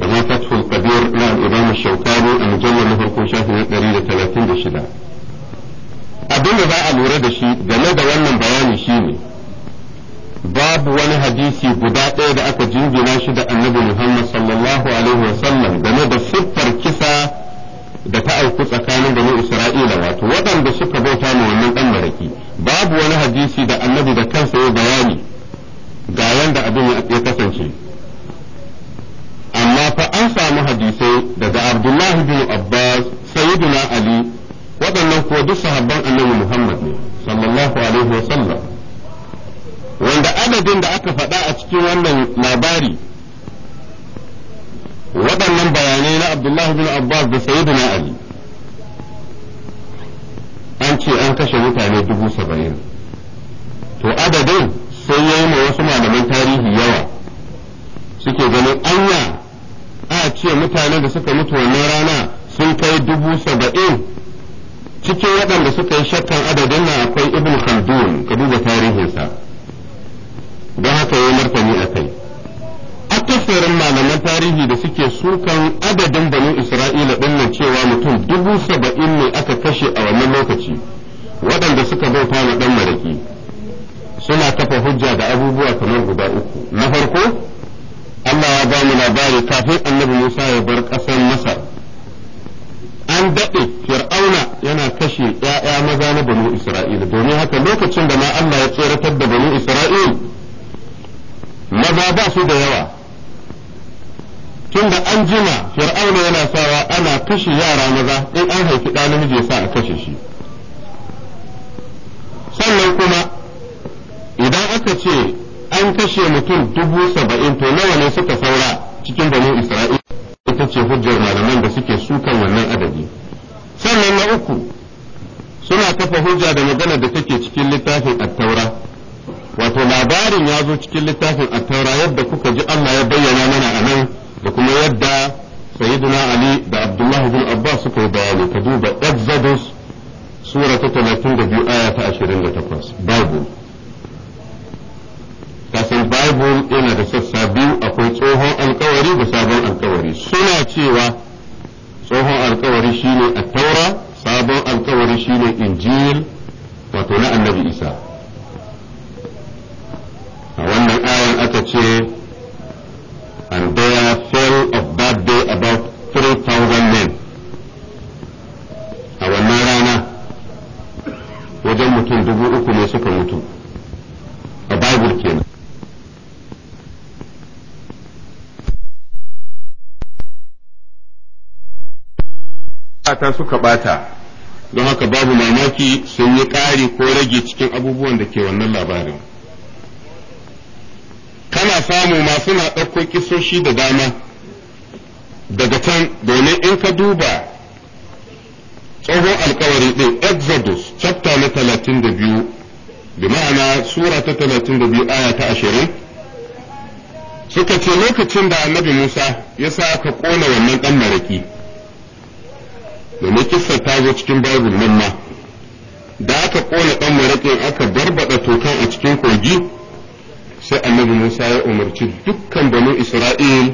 kamar fathul kabir na imam shaukani a mujallar na farko shafi na ɗari da talatin da shida abin da za a lura da shi game da wannan bayani shine babu wani hadisi guda ɗaya da aka jingina shi da annabi muhammad sallallahu alaihi game da siffar kisa da ta auku tsakanin bani isra'ila wato waɗanda suka bauta ma wannan ɗan maraki babu wani hadisi da annabi da kansa ya bayani ga yanda abin ya kasance amma fa an samu hadisai daga Abdullahi bin Abbas Sayyiduna Ali waɗannan kuwa duk sahabban Annabi Muhammad ne sallallahu alaihi wa sallam wanda adadin da aka faɗa a cikin wannan labari waɗannan bayanai na Abdullahi bin Abbas da Sayyiduna Ali an ce an kashe mutane dubu saba'in to adadin sai ya yi ma wasu malaman tarihi yawa suke ganin anya a ce mutanen da suka mutu wannan rana sun kai dubu saba'in cikin waɗanda suka yi shakkan adadin nan akwai ibn khaldun ka duba tarihinsa don haka ya martani a kai akasarin malaman tarihi da suke sukan adadin banu isra'ila ɗin nan cewa mutum dubu saba'in ne aka kashe a wannan lokaci waɗanda suka bauta na ɗan maraki suna kafa hujja da abubuwa kamar guda uku na farko Allah ya ba mu labari kafin annabi Musa ya bar ƙasar Masar an daɗe fir'auna yana kashe ‘ya'ya maza na banu isra'ila domin haka lokacin da ma Allah ya tseratar da banu isra'il maza ba su da yawa tunda an jima fir'auna yana sawa ana kashe yara maza in an haifi ɗa namiji ya sa a kashe shi sannan kuma idan aka ce an kashe mutum dubu saba'in to nawa ne suka saura cikin bani isra'ila ita ce hujjar malaman da suke sukan wannan adadi sannan na uku suna kafa hujja da magana da take cikin littafin attaura wato labarin ya zo cikin littafin attaura yadda kuka ji Allah ya bayyana mana a nan da kuma yadda sayyiduna ali da abdullahi bin abbas suka yi bayani ka duba exodus sura ta talatin da biyu aya ta ashirin da takwas babu kafin bible yana da sassa biyu akwai tsohon alkawari da sabon alkawari suna cewa tsohon alkawari shine a taura sabon alkawari shine injil wato na annabi isa a wannan ayan aka ce and there fell of that day about 3,000 men a wannan rana wajen mutum dubu uku ne suka mutu a bible kenan ta suka bata don haka babu mamaki sun yi ƙari ko rage cikin abubuwan da ke wannan labarin kana samu masu na ɗauko kisoshi da dama daga can domin in ka duba tsohon alkawari ɗin exodus chapta na talatin da biyu bi ma'ana sura ta talatin da biyu aya ta ashirin suka ce lokacin da annabi musa ya sa ka ƙona wannan ɗan maraƙi domin kissar ta zo cikin bible nan ma da aka kona dan maraƙin aka barbada tokan a cikin kogi sai annabi Musa ya umarci dukkan banu Isra'il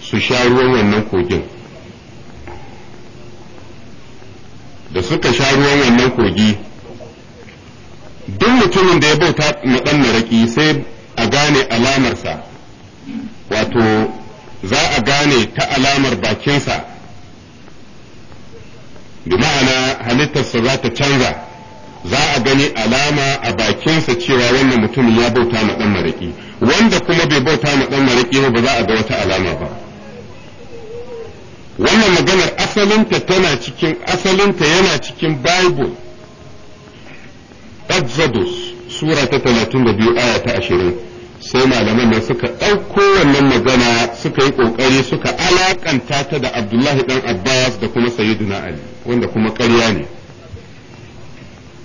su sha ruwan wannan kogin da suka sha ruwan wannan kogi duk mutumin da ya bauta na dan maraƙi sai a gane alamarsa wato za a gane ta alamar bakinsa bi ma'ana halittarsa za ta canza za a gani alama a bakinsa cewa wannan mutumin ya bauta ma dan maraƙi wanda kuma bai bauta ma dan maraƙi ba za a ga wata alama ba wannan maganar asalinta tana cikin asalinta yana cikin bible exodus sura ta 32 aya ta 20 sai malaman nan suka ɗauko wannan magana suka yi ƙoƙari suka alakanta ta da abdullahi dan abbas da kuma sayyiduna ali wanda kuma ƙarya ne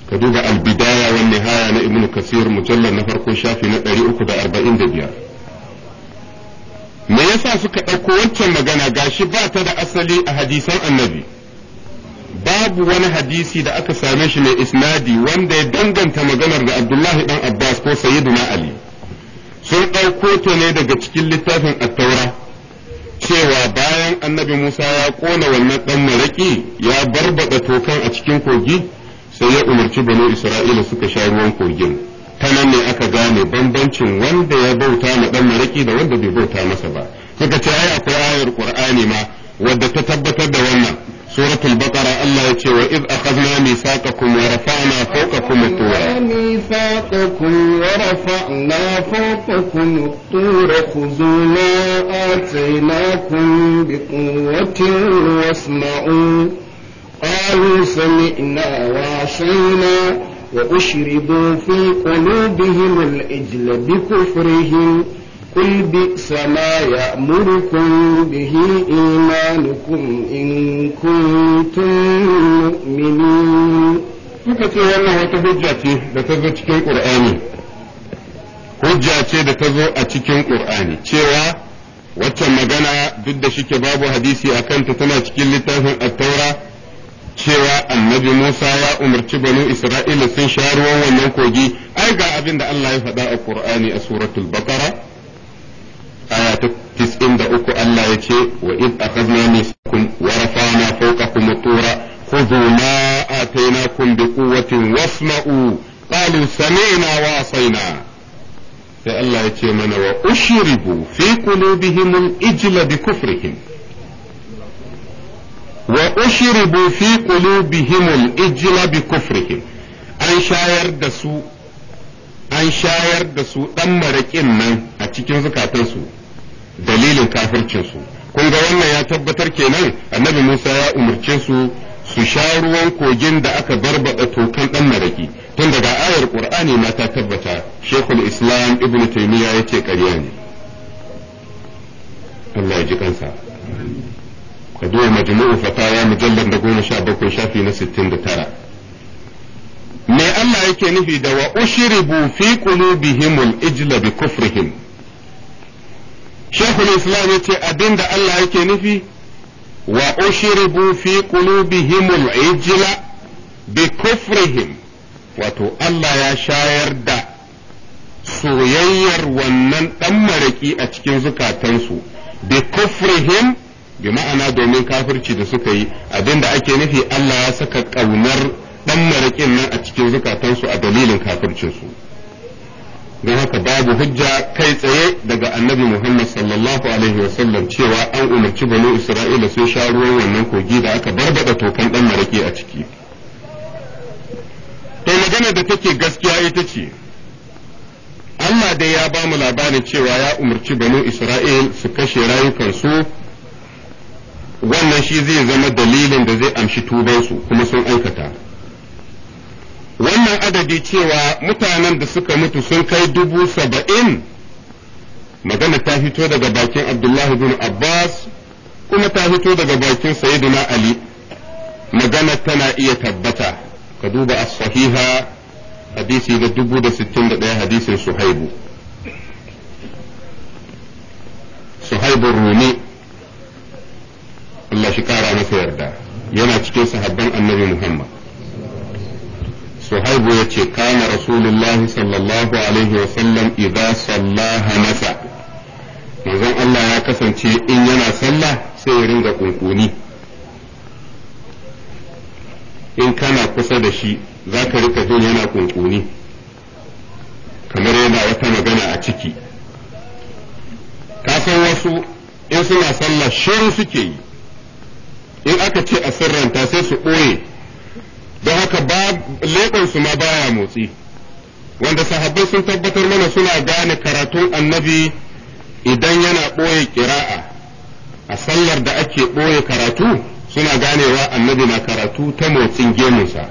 ka duba albidaya wa haya na ibnu kasir mujallar na farko shafi na uku da da arba'in biyar. me yasa suka ɗauko wancan magana gashi ba ta da asali a hadisan annabi babu wani hadisi da aka same shi mai isnadi wanda ya danganta maganar da abdullahi dan abbas ko sayyiduna ali sun ɗauko ta ne daga cikin littafin attaura cewa bayan annabi Musa ya ƙona wannan ɗan maraƙi ya barbaɗa tokan a cikin kogi sai ya umarci banu Isra'ila suka sha ruwan kogin. Ta nan ne aka gane bambancin wanda ya bauta ma ɗan maraƙi da wanda bai bauta masa ba. Suka ce ai akwai ayar Ƙur'ani ma wadda ta tabbatar da wannan. سورة البقرة الله يتشي وإذ أخذنا ميثاقكم ورفعنا فوقكم الطور ميثاقكم ورفعنا فوقكم الطور خذوا ما آتيناكم بقوة واسمعوا قالوا سمعنا وعصينا وأشربوا في قلوبهم الإجل بكفرهم قل بئس ما يأمركم به إيمانكم إن كنتم مؤمنين kuka ce wannan wata hujja ce da ta zo cikin ƙur'ani hujja ce da ta zo a cikin ƙur'ani cewa waccan magana duk da shike babu hadisi a kanta tana cikin littafin attaura cewa annabi musa ya umarci banu isra'ila sun sha ruwan wannan kogi ai ga abin da allah ya faɗa a ƙur'ani a suratul baqara aya ta tis'in uku Allah ya ce wa iz akhadna misakum wa rafa'na fawqakum tura khudhu ma atainakum biquwwatin wasma'u qalu sami'na wa asaina sai Allah ya ce mana wa ushribu fi qulubihim bi kufrihim wa ushribu fi an shayar da su an shayar da su ɗan maraƙin nan a cikin zukatansu dalilin kafircinsu kun ga wannan ya tabbatar kenan annabi Musa ya umarce su su sha ruwan kogin da aka barbada tokan ɗan maraki tun daga ayar qur'ani ma ta tabbata shekul islam ibnu taymiya yace ƙarya ne Allah ya ji kansa ka duwa majmu'u fatawa mujallad da goma sha bakwai shafi na sittin da tara me Allah yake nufi da wa ushribu fi qulubihimul ijla bi kufrihim shekul islam ya ce abinda Allah yake nufi wa ushribu fi ijla bi kufrihim wato Allah ya shayar da soyayyar wannan ɗan maraƙi a cikin zukatansu bi kufrihim bi ma'ana domin kafirci da suka yi abinda ake nufi Allah ya saka ƙaunar ɗan maraƙin nan a cikin zukatansu a dalilin kafircinsu don haka babu hujja kai tsaye daga annabi Muhammad sallallahu alaihi wasallam cewa an umarci bani Isra'ila sun sha ruwan wannan kogi da aka barbada tokan dan maraki a ciki. To magana da take gaskiya ita ce, Allah dai ya ba mu labarin cewa ya umarci bani Isra'il su kashe rayukansu wannan shi zai zama dalilin da zai amshi tubansu kuma sun aikata. wannan adadi cewa mutanen da suka mutu sun kai dubu saba'in magana ta fito daga bakin abdullahi bin abbas kuma ta fito daga bakin sayyidina ali magana tana iya tabbata ka duba as-sahiha hadisi da dubu da sittin da ɗaya hadisin suhaibu suhaibun rumi Allah shi kara masa yarda yana cikin sahabban annabi muhammad suhaibu ya ce kama rasulullahi sallallahu alaihi wasallam idan sallaha masa manzon Allah ya kasance in yana sallah sai ya ringa kunkuni in kana kusa da shi za ka rika jin yana kunkuni kamar yana wata magana a ciki ka san wasu in suna sallah shiru suke yi in aka ce a sirranta sai su ɓoye da haka ba su ma baya motsi wanda sahabbai sun tabbatar mana suna gane karatun annabi idan yana ɓoye ƙira'a a sallar da ake ɓoye karatu suna ganewa annabi na karatu ta motsin gemunsa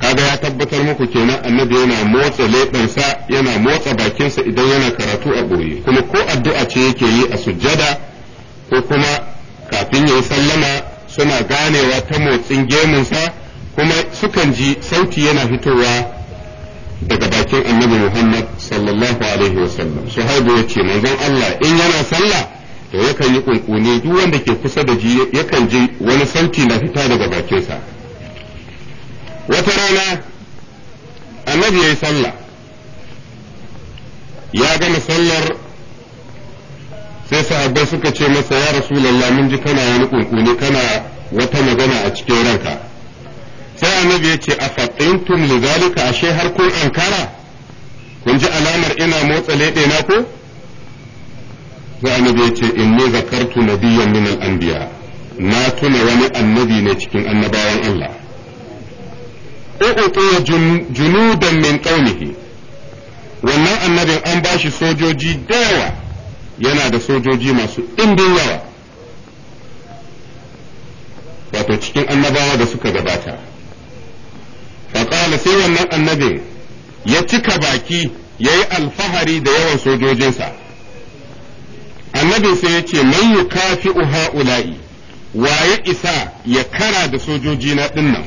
kaga ya tabbatar muku kenan annabi yana motsa leɓensa yana motsa bakinsa idan yana karatu a ɓoye kuma ko addu'a ce yake yi a sujjada ko kuma kafin ya yi sallama suna ganewa ta motsin gemunsa kuma sukan ji sauti yana fitowa daga bakin annabi Muhammad sallallahu alaihi wasallam sahabu ya ce manzon Allah in yana sallah to yakan yi kunkuni duk wanda ke kusa da ji yakan ji wani sauti na fita daga bakinsa wata rana annabi ya yi sallah ya gama sallar sai sahabbai suka ce masa ya rasulallah mun ji kana wani kunkuni kana wata magana a cikin ranka sai annabi ya ce a faɗintum lidalika ashe har kun ankara kun ji alamar ina motsa leɗe na ko sai annabi ya ce ne zakartu nabiyan min al-anbiya na tuna wani annabi ne cikin annabawan Allah uqutu junudan min qaumihi wannan annabin an bashi sojoji da yana da sojoji masu ɗimbin yawa wato cikin annabawa da suka gabata faƙala sai wannan annabin ya cika baki ya yi alfahari da yawan sojojinsa annabin sai ya ce man yukafi ha'ula'i wa ya isa ya kara da sojoji na dinnan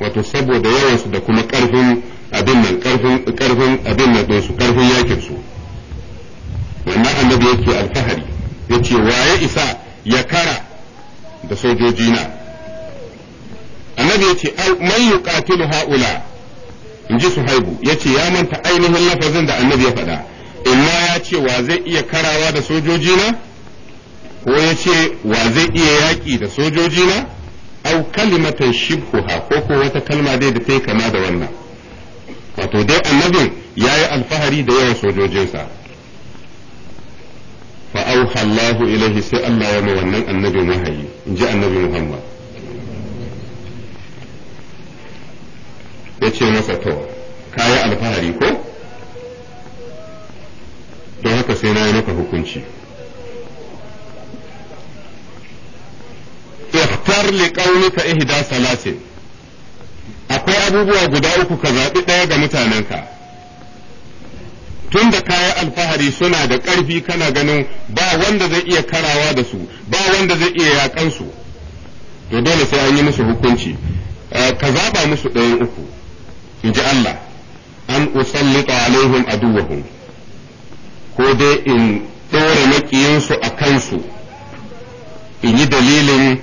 wato saboda yawansu da kuma ƙarfin abin nan ƙarfin abin nan ɗinsu ƙarfin su wannan annabi yake alfahari ya ce wa ya isa ya kara da sojoji na annabi yace ce man yuqatilu haula in ji suhaibu ya ce ya manta ainihin lafazin da annabi ya faɗa inna ya ce wa zai iya karawa da sojoji na ko ya ce wa zai iya yaƙi da sojoji na au kalimatan shibhuha ko ko wata kalma dai da ta kama da wannan wato dai annabin ya yi alfahari da yawan sojojinsa fa auha Allahu ilaihi sai Allah ya ma wannan annabin wahayi in ji annabi Muhammad ya ce masa to kayi alfahari ko don haka sai na yi maka hukunci ihtar li qaumika ihda salasin akwai abubuwa guda uku ka zaɓi ɗaya ga mutanenka tun da kayan alfahari suna da ƙarfi kana ganin ba wanda zai iya karawa da su ba wanda zai iya yaƙansu to dole sai an yi musu hukunci eh, ka zaɓa musu ɗayan uku in ji Allah an usallita alaihim aduwahum ko dai in ɗora makiyinsu a kansu in yi dalilin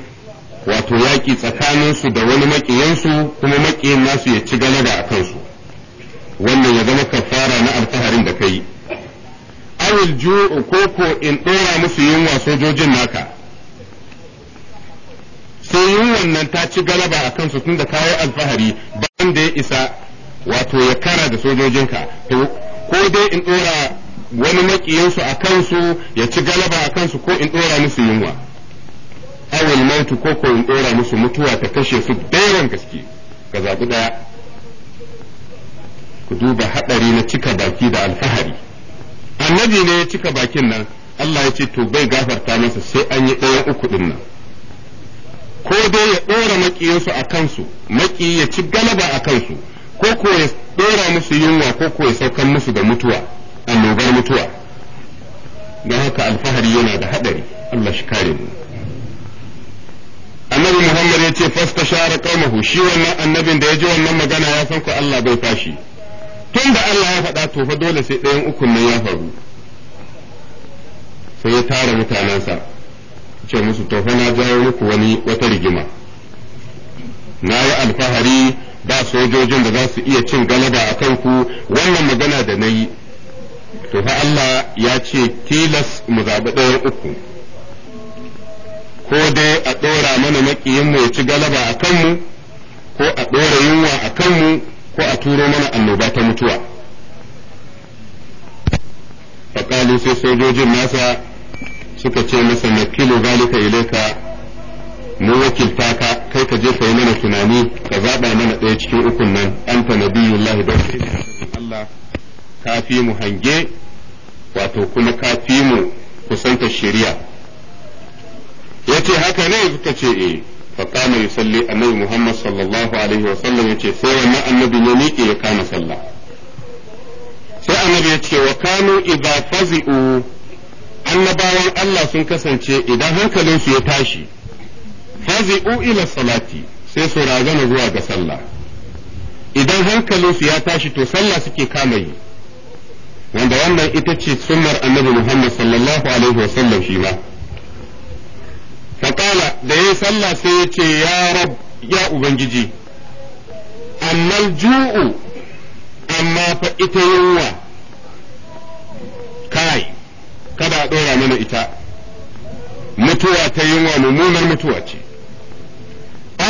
wato yaƙi tsakaninsu da wani maƙiyansu kuma makiyin nasu ya ci galaba a kansu wannan ya zama kafara na alfaharin da kai awil ju'u koko in ɗora musu yunwa sojojin naka sai yunwan nan ta ci galaba a kansu tun da alfahari bayan da ya isa wato ya kara da sojojinka to ko dai in dora wani makiyinsu a kansu ya ci galaba a kansu ko in dora musu yunwa awul mautu ko ko in dora musu mutuwa ta kashe su dairan gaske ka zaɓi ɗaya ku duba haɗari na cika baki da alfahari annabi ne ya cika bakin nan Allah ya ce to bai gafarta masa sai an yi ɗaya uku ɗin nan ko dai ya ɗora maƙiyinsu a kansu makiyi ya ci galaba a kansu ko ko ya dora musu yunwa ko ko ya saukan musu da mutuwa annobar mutuwa don haka alfahari yana da hadari Allah shi kare mu annabi Muhammad ya ce fasta share kaumahu shi wannan annabin da ya ji wannan magana ya san ko Allah bai fashi tun da Allah ya faɗa to fa dole sai ɗayan ukun nan ya faru sai ya tara mutanensa ce musu to fa na jawo muku wani wata rigima na yi alfahari ba sojojin da za su iya cin galaba a kanku wannan magana da na yi to fa Allah ya ce tilas mu zaɓi ɗayan uku ko dai a ɗora mana mu ya ci galaba a kanmu ko a ɗora yunwa a kanmu ko a turo mana annoba ta mutuwa faƙalu sai sojojin nasa suka ce masa na kilo zalika ilaika mu wakilta ka kai ka je sai mana tunani ka zaɓa mana ɗaya cikin ukun nan anta nabiyullahi da Allah ka mu hange wato kuma ka fi mu kusantar shari'a yace haka ne suka ce eh fa kana yusalli annabi Muhammad sallallahu alaihi wa sallam yace sai wannan annabi ya miƙe ya kama sallah sai annabi ya ce wa kanu idza fazi'u annabawan Allah sun kasance idan hankalinsu ya tashi fazi'u ila salati sai su razana zuwa ga sallah idan hankalinsu ya tashi to sallah suke kama yi wanda wannan ita ce sunnar annabi Muhammad sallallahu alaihi wasallam shi ma faƙala da ya sallah sai ya ce ya rab ya ubangiji amma ju'u amma fa ita yunwa kai kada a ɗora mana ita mutuwa ta yunwa mummunar mutuwa ce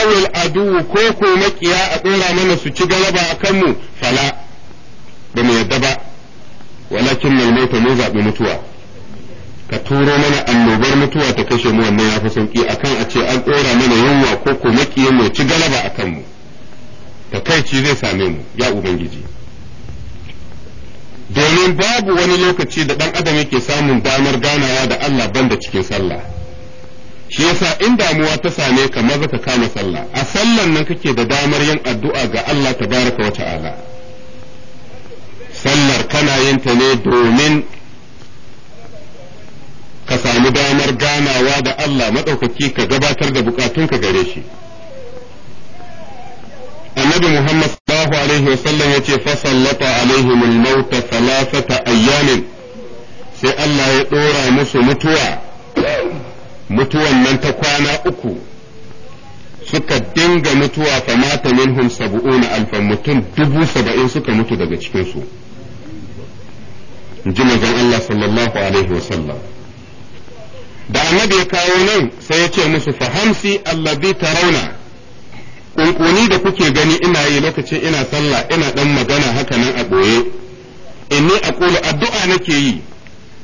awil adu ko ko makiya a ɗora mana su ci galaba a kanmu fala ba mu yadda ba walakin mai mota mu zaɓi mutuwa ka turo mana annobar mutuwa ta kashe mu wannan ya fi sauki akan a ce an ɗora mana yunwa ko ko makiya mu ci galaba a kanmu ci zai same mu ya ubangiji domin babu wani lokaci da dan adam yake samun damar ganawa da Allah banda cikin sallah shi yasa in damuwa ta same ka maza ka kama sallah a sallan nan kake da damar yin addu'a ga Allah tabaraka wa ta'ala sallar kana yin ta ne domin ka sami damar ganawa da Allah maɗaukaki ka gabatar da ka gare shi annabi Muhammad sallallahu alaihi wasallam yace fa sallata alaihim al-maut thalathata ayyamin sai Allah ya dora musu mutuwa mutuwan nan ta kwana uku suka dinga mutuwa fa mata minhum sab'una alfan mutum dubu saba'in suka mutu daga cikinsu ji manzon Allah sallallahu alaihi wa da annabi ya kawo nan sai ya ce musu fahamsi allazi tarawna kunkuni da kuke gani ina yi lokacin ina sallah ina dan magana haka nan a boye inni aqulu addu'a nake yi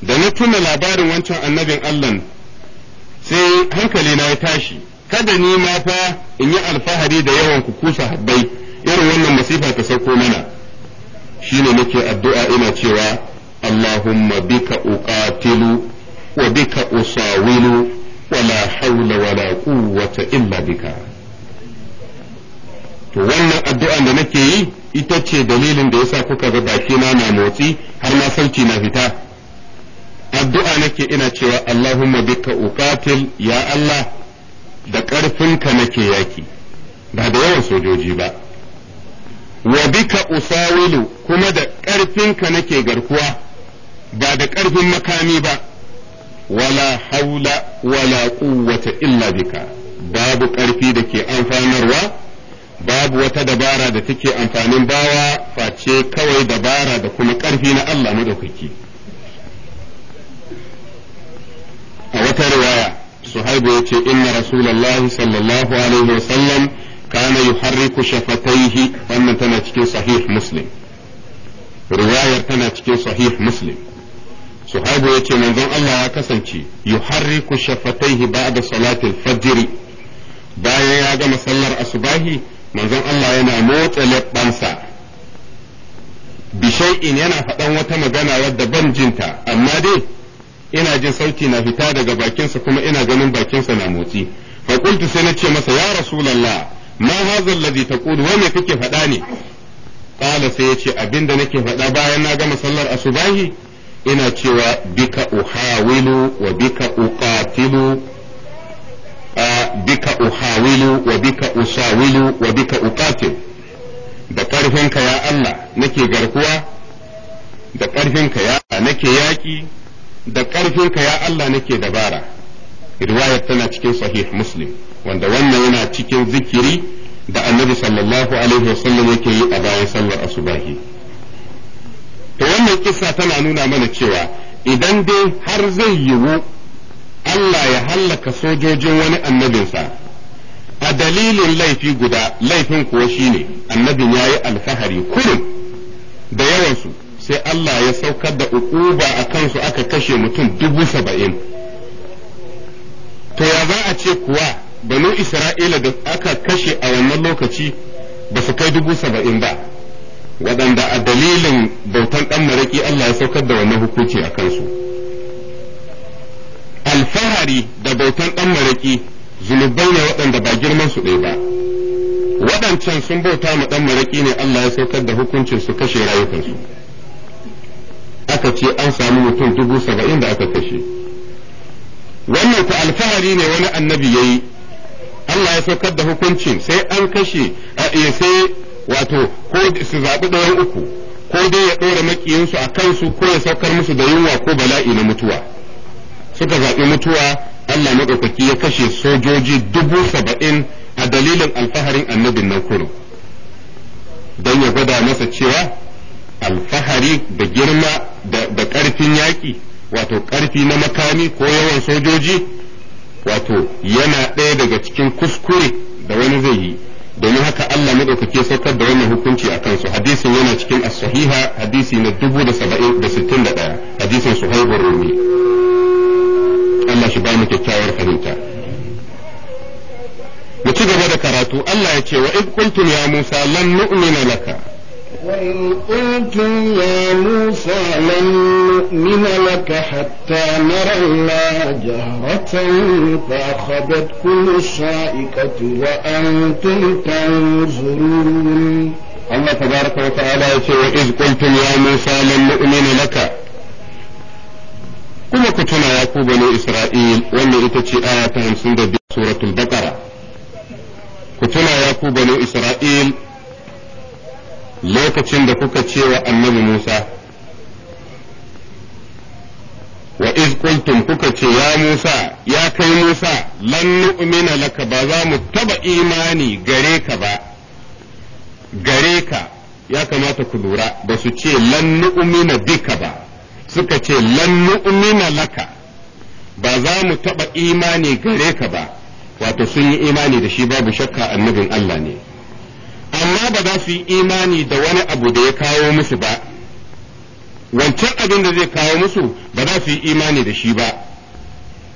da na tuna labarin wancan annabin Allah sai hankali na ya tashi kada ni ma fa in yi alfahari da yawan ku kusa habbai irin wannan masifa ta sauko mana shine nake addu'a ina cewa Allahumma bika uqatilu wa bika usawilu wala haula la quwwata illa bika to wannan addu'an da nake yi ita ce dalilin da yasa kuka ga bakina na motsi har na sauti na fita addu'a nake ina cewa Allahumma bika uqatil ya Allah da ƙarfinka nake yaki ba da yawan sojoji ba wa bika usawilu kuma da ƙarfinka nake garkuwa ba da ƙarfin makami ba wala haula wala quwwata illa bika babu ƙarfi da ke amfanarwa babu wata dabara da take amfanin bawa face kawai dabara da kuma ƙarfi na Allah madaukaki wata riwaya suhaibu ya ce inna rasulullahi sallallahu alaihi wasallam kana yuharriku shafataihi wannan tana cikin sahih muslim riwayar tana cikin sahih muslim suhaibu ya ce manzon Allah ya kasance yuharriku shafataihi ba'da salatil fajiri bayan ya gama sallar asubahi manzon Allah yana motsa leɓɓansa bishai'in yana faɗan wata magana wadda ban jinta amma dai ina jin sauti na fita daga bakinsa kuma ina ganin bakinsa na motsi fa qultu sai nace masa ya rasulullah ma hadha alladhi taqul wa me kake faɗa ne qala sai yace abinda nake faɗa bayan na gama sallar asubahi ina cewa bika uhawilu wa bika uqatilu bika uhawilu wa bika usawilu wa bika uqatil da ƙarfinka ya Allah nake garkuwa da ya nake yaƙi da ƙarfinka ya Allah nake dabara riwayar tana cikin sahih muslim wanda wannan yana cikin zikiri da annabi sallallahu alaihi wasallam yake yi a bayan sallar asubahi to wannan kissa tana nuna mana cewa idan dai har zai yiwu Allah ya hallaka sojojin wani annabinsa a dalilin laifi guda laifin kuwa shine annabin ya yi alfahari kullum da yawansu sai Allah ya saukar da ukuba a kansu aka kashe mutum dubu saba'in to ya za a ce kuwa banu isra'ila da aka kashe a wannan lokaci ba su kai dubu saba'in ba waɗanda a dalilin bautan ɗan maraƙi Allah ya saukar da wannan hukunci a kansu alfahari da bautan ɗan maraƙi zunubai ne waɗanda ba girman su ɗaya ba waɗancan sun bauta ma ɗan maraƙi ne Allah ya saukar da hukuncin su kashe rayukansu aka ce an samu mutum dubu saba'in da aka kashe wannan ku alfahari ne wani annabi ya yi Allah ya saukar da hukuncin sai an kashe a iya eh, sai wato ko su zaɓi ɗayan uku ko dai ya ɗora makiyinsu a kansu ko ya saukar musu da yunwa ko bala'i na mutuwa suka zaɓi mutuwa Allah maɗaukaki ya kashe sojoji dubu saba'in a dalilin alfaharin annabin nan kuro don ya gwada masa cewa alfahari da girma da ƙarfin yaƙi wato ƙarfi na makami ko yawan sojoji wato yana ɗaya daga cikin kuskure da wani zai yi domin haka Allah maɗaukake saukar da wannan hukunci a kansu hadisin yana cikin as-sahiha hadisi na dubu da saba'in da sittin da ɗaya hadisin rumi Allah shi ba mu kyakkyawar fahimta mu ci gaba da karatu Allah ya ce wa in kuntum ya Musa lan nu'mina laka وإن قلتم يا موسى لن نؤمن لك حتى نرى الله جهرة فأخذتكم الصائكة وأنتم تنظرون الله تبارك وتعالى يقول إذ قلتم يا موسى لن نؤمن لك كما كتنا tuna بني إسرائيل وأن إتتي آية ita ce aya ta 55 suratul Baqara lokacin da kuka cewa annabi Musa wa iz kuka ce ya Musa ya kai Musa lan nu'mina laka ba za mu taba imani gare ka ba gare ka ya kamata ku lura ba su ce lan nu'mina bika ba suka ce lan nu'mina laka ba za mu taba imani gare ka ba wato sun yi imani da shi babu shakka annabin Allah ne amma ba za su yi imani da wani abu da ya kawo musu ba wancan abin da zai kawo musu ba za su yi imani da shi ba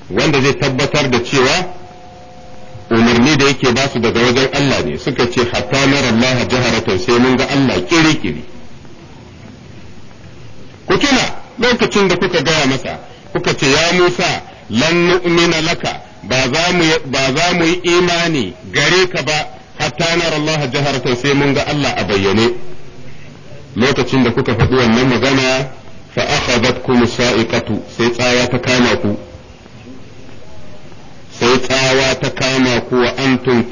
wanda zai tabbatar da cewa umarni da yake ba su daga wajen Allah ne suka ce hatta nara Allah jaharatan sai mun ga Allah kiri-kiri ku tuna lokacin da kuka gaya masa kuka ce ya Musa lan nu'mina laka ba za mu yi imani gare ka ba hatta nar Allah jaharatan sai mun ga Allah a bayyane lokacin da kuka faɗi wannan magana fa akhadhatkum sa'iqatu sai tsawa ta kama ku sai tsawa ta kama ku wa antum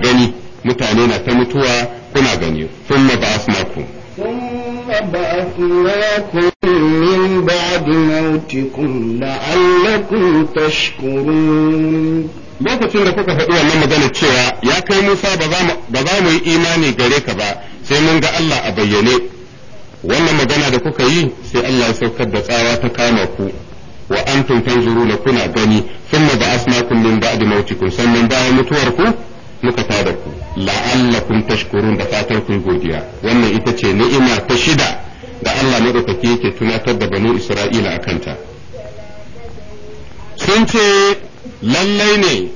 gani mutane na ta mutuwa kuna gani thumma ba'asnakum ثم بعثناكم من بعد موتكم لعلكم تشكرون lokacin da kuka faɗi wannan magana cewa ya kai Musa ba za mu yi imani gare ka ba sai mun ga Allah a bayyane wannan magana da kuka yi sai Allah ya saukar da tsawa ta kama ku wa antum tanzuruna kuna gani thumma da min ba'di mautikum sannan bayan mutuwar ku muka da ku la'allakum tashkurun da fatan ku godiya wannan ita ce ni'ima ta shida da Allah madaukaki yake tunatar da banu Isra'ila kanta. sun ce lallai ne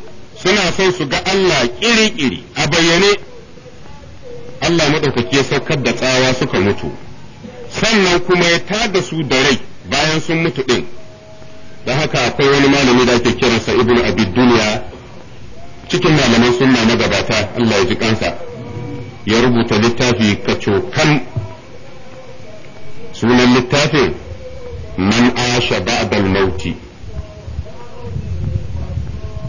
suna son su ga Allah ƙiri-ƙiri a bayyane Allah maɗaukaki ya saukar da tsawa suka mutu sannan kuma ya tada su da rai bayan sun mutu ɗin da haka akwai wani malami da ake kiransa ibn abid duniya cikin malaman sunna na gabata Allah ya ji kansa ya rubuta littafi kacokan sunan littafin man asha ba'dal mauti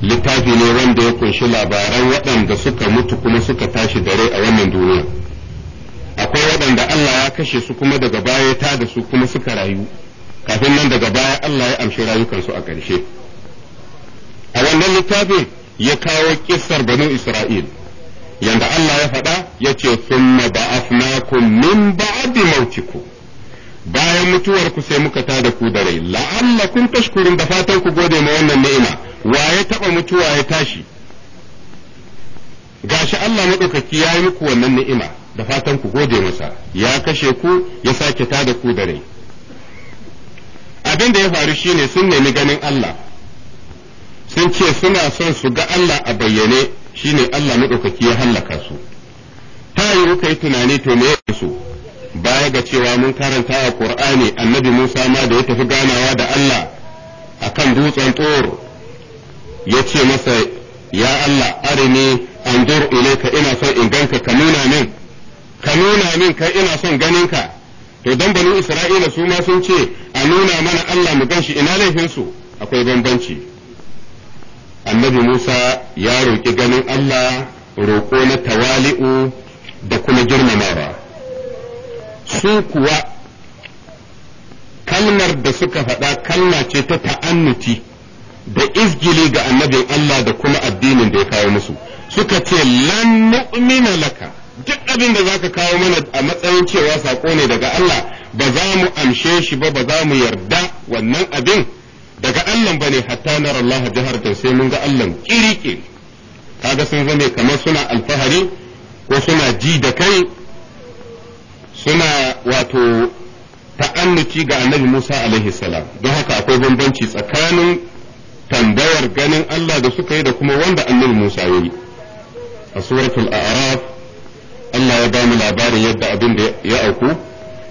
littafi ne wanda ya kunshi labaran waɗanda suka mutu kuma suka tashi da rai a wannan duniya akwai waɗanda Allah ya kashe su kuma daga baya ya tada su kuma suka rayu kafin nan daga baya Allah ya amshi rayukansu a ƙarshe a wannan littafin ya kawo kissar banu Isra'il yanda Allah ya faɗa ya ce thumma ba'athnakum min ba'di mautikum bayan mutuwarku sai muka tada ku da rai la'allakum tashkurun da fatan ku gode ma wannan ni'ima wa ya taɓa mutuwa ya tashi gashi Allah maɗaukaki ya yi muku wannan ni'ima da fatan ku gode masa ya kashe ku ya sake ta da ku da rai abin da ya faru shine sun nemi ganin Allah sun ce suna son su ga Allah a bayyane shine Allah maɗaukaki ya hallaka su ta yi muka yi tunani to me su baya ga cewa mun karanta a Qur'ani annabi Musa ma da ya tafi ganawa da Allah akan dutsen tsoro ya ce masa ya Allah arini anzur ilayka ina son in ganka ka nuna min ka nuna min kai ina son ganin ka to dan banu isra'ila su ma sun ce a nuna mana Allah mu ganshi ina laifin su akwai bambanci annabi Musa ya roƙi ganin Allah roƙo na tawali'u da kuma girmamawa su kuwa kalmar da suka faɗa kalma ce ta ta'annuti da izgili ga annabin Allah da kuma addinin da ya kawo musu suka ce lan nu'mina laka duk abin da zaka kawo mana a matsayin cewa sako ne daga Allah ba za mu amshe shi ba ba za mu yarda wannan abin daga Allah bane hatta nar Allah jihar sai mun ga Allah kirike kaga sun zame kamar suna alfahari ko suna ji da kai suna wato ta'annuci ga annabi Musa alaihi salam don haka akwai bambanci tsakanin tambayar ganin Allah da suka yi da kuma wanda annabi Musa ya yi a suratul a'raf Allah ya ba labarin yadda abin da ya auku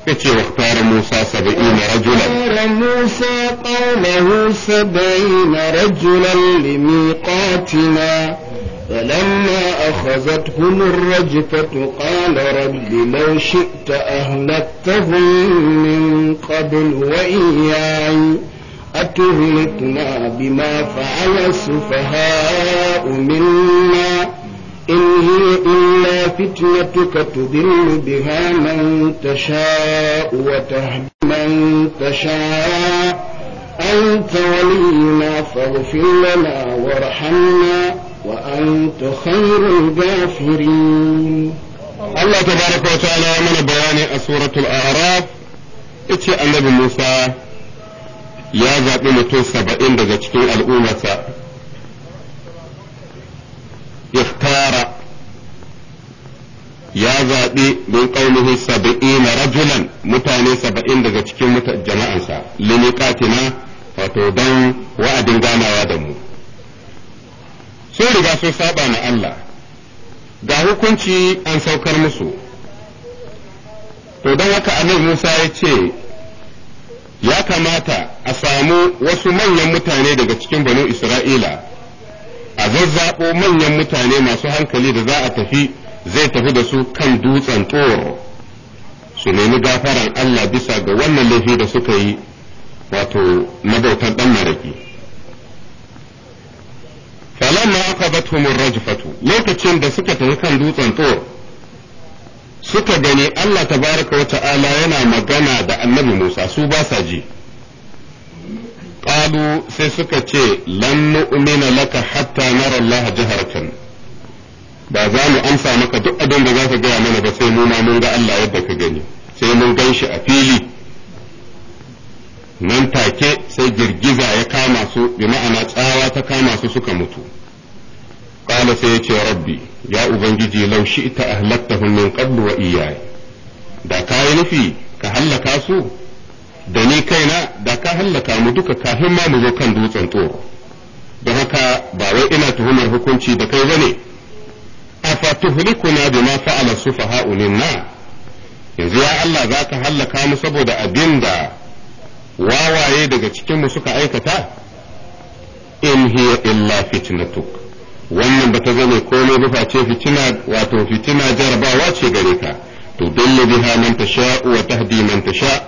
yace waqtara Musa 70 rajulan Musa qawmahu 70 rajulan limiqatina فلما أخذتهم الرجفة قال رب لو شئت أهلكتهم من قبل وإياي أتهلكنا بما فعل السفهاء منا إن هي إلا فتنتك تضل بها من تشاء وتهدي من تشاء أنت ولينا فاغفر لنا وارحمنا وأنت خير الغافرين الله تبارك وتعالى من بيان سورة الأعراف اتي النبي موسى ya zaɓi mutum saba'in daga cikin al'ummarsa iftara ya zaɓi don ƙaunuhu saba'in rajulan mutane saba'in daga cikin jama'ansa limiƙatina wato don wa'adin ganawa da mu sun riga sun saba na Allah ga hukunci an saukar musu to don haka annabi Musa ya ce ya kamata a samu wasu manyan mutane daga cikin banu isra'ila a zazzaɓo manyan mutane masu hankali da za a tafi zai tafi da su kan dutsen tsoro su nemi gafaran allah bisa ga wannan laifi da suka yi wato mabautan ɗan maraƙi falamma aka rajfatu lokacin da suka tafi kan dutsen tsoro suka gani Allah ta baraka wa ta'ala yana magana da annabi Musa su ba sa ji Ƙalu sai suka ce lan nu'mina laka hatta nara Allah jaharatan ba za mu amsa maka duk abin da za ka gaya mana ba sai mu mun ga Allah yadda ka gani sai mun gan shi a fili nan take sai girgiza ya kama su bi ma'ana tsawa ta kama su suka mutu qala sai yace rabbi ya ubangiji law shi'ta ahlaktahum min qablu wa iyaya da kayi nufi ka hallaka su da ni kaina da ka hallaka mu duka kafin ma mu zo kan dutsen tsoro da haka ba wai ina tuhumar hukunci da kai bane afa tuhlikuna bima fa'ala sufaha'u na yanzu ya Allah za ka hallaka mu saboda abin da wawaye daga cikinmu suka aikata in hiya illa fitnatuk wannan ba ta zama komai ba face fitina wato fitina jarabawa ce gare ka to dullu biha man tasha wa tahdi man tasha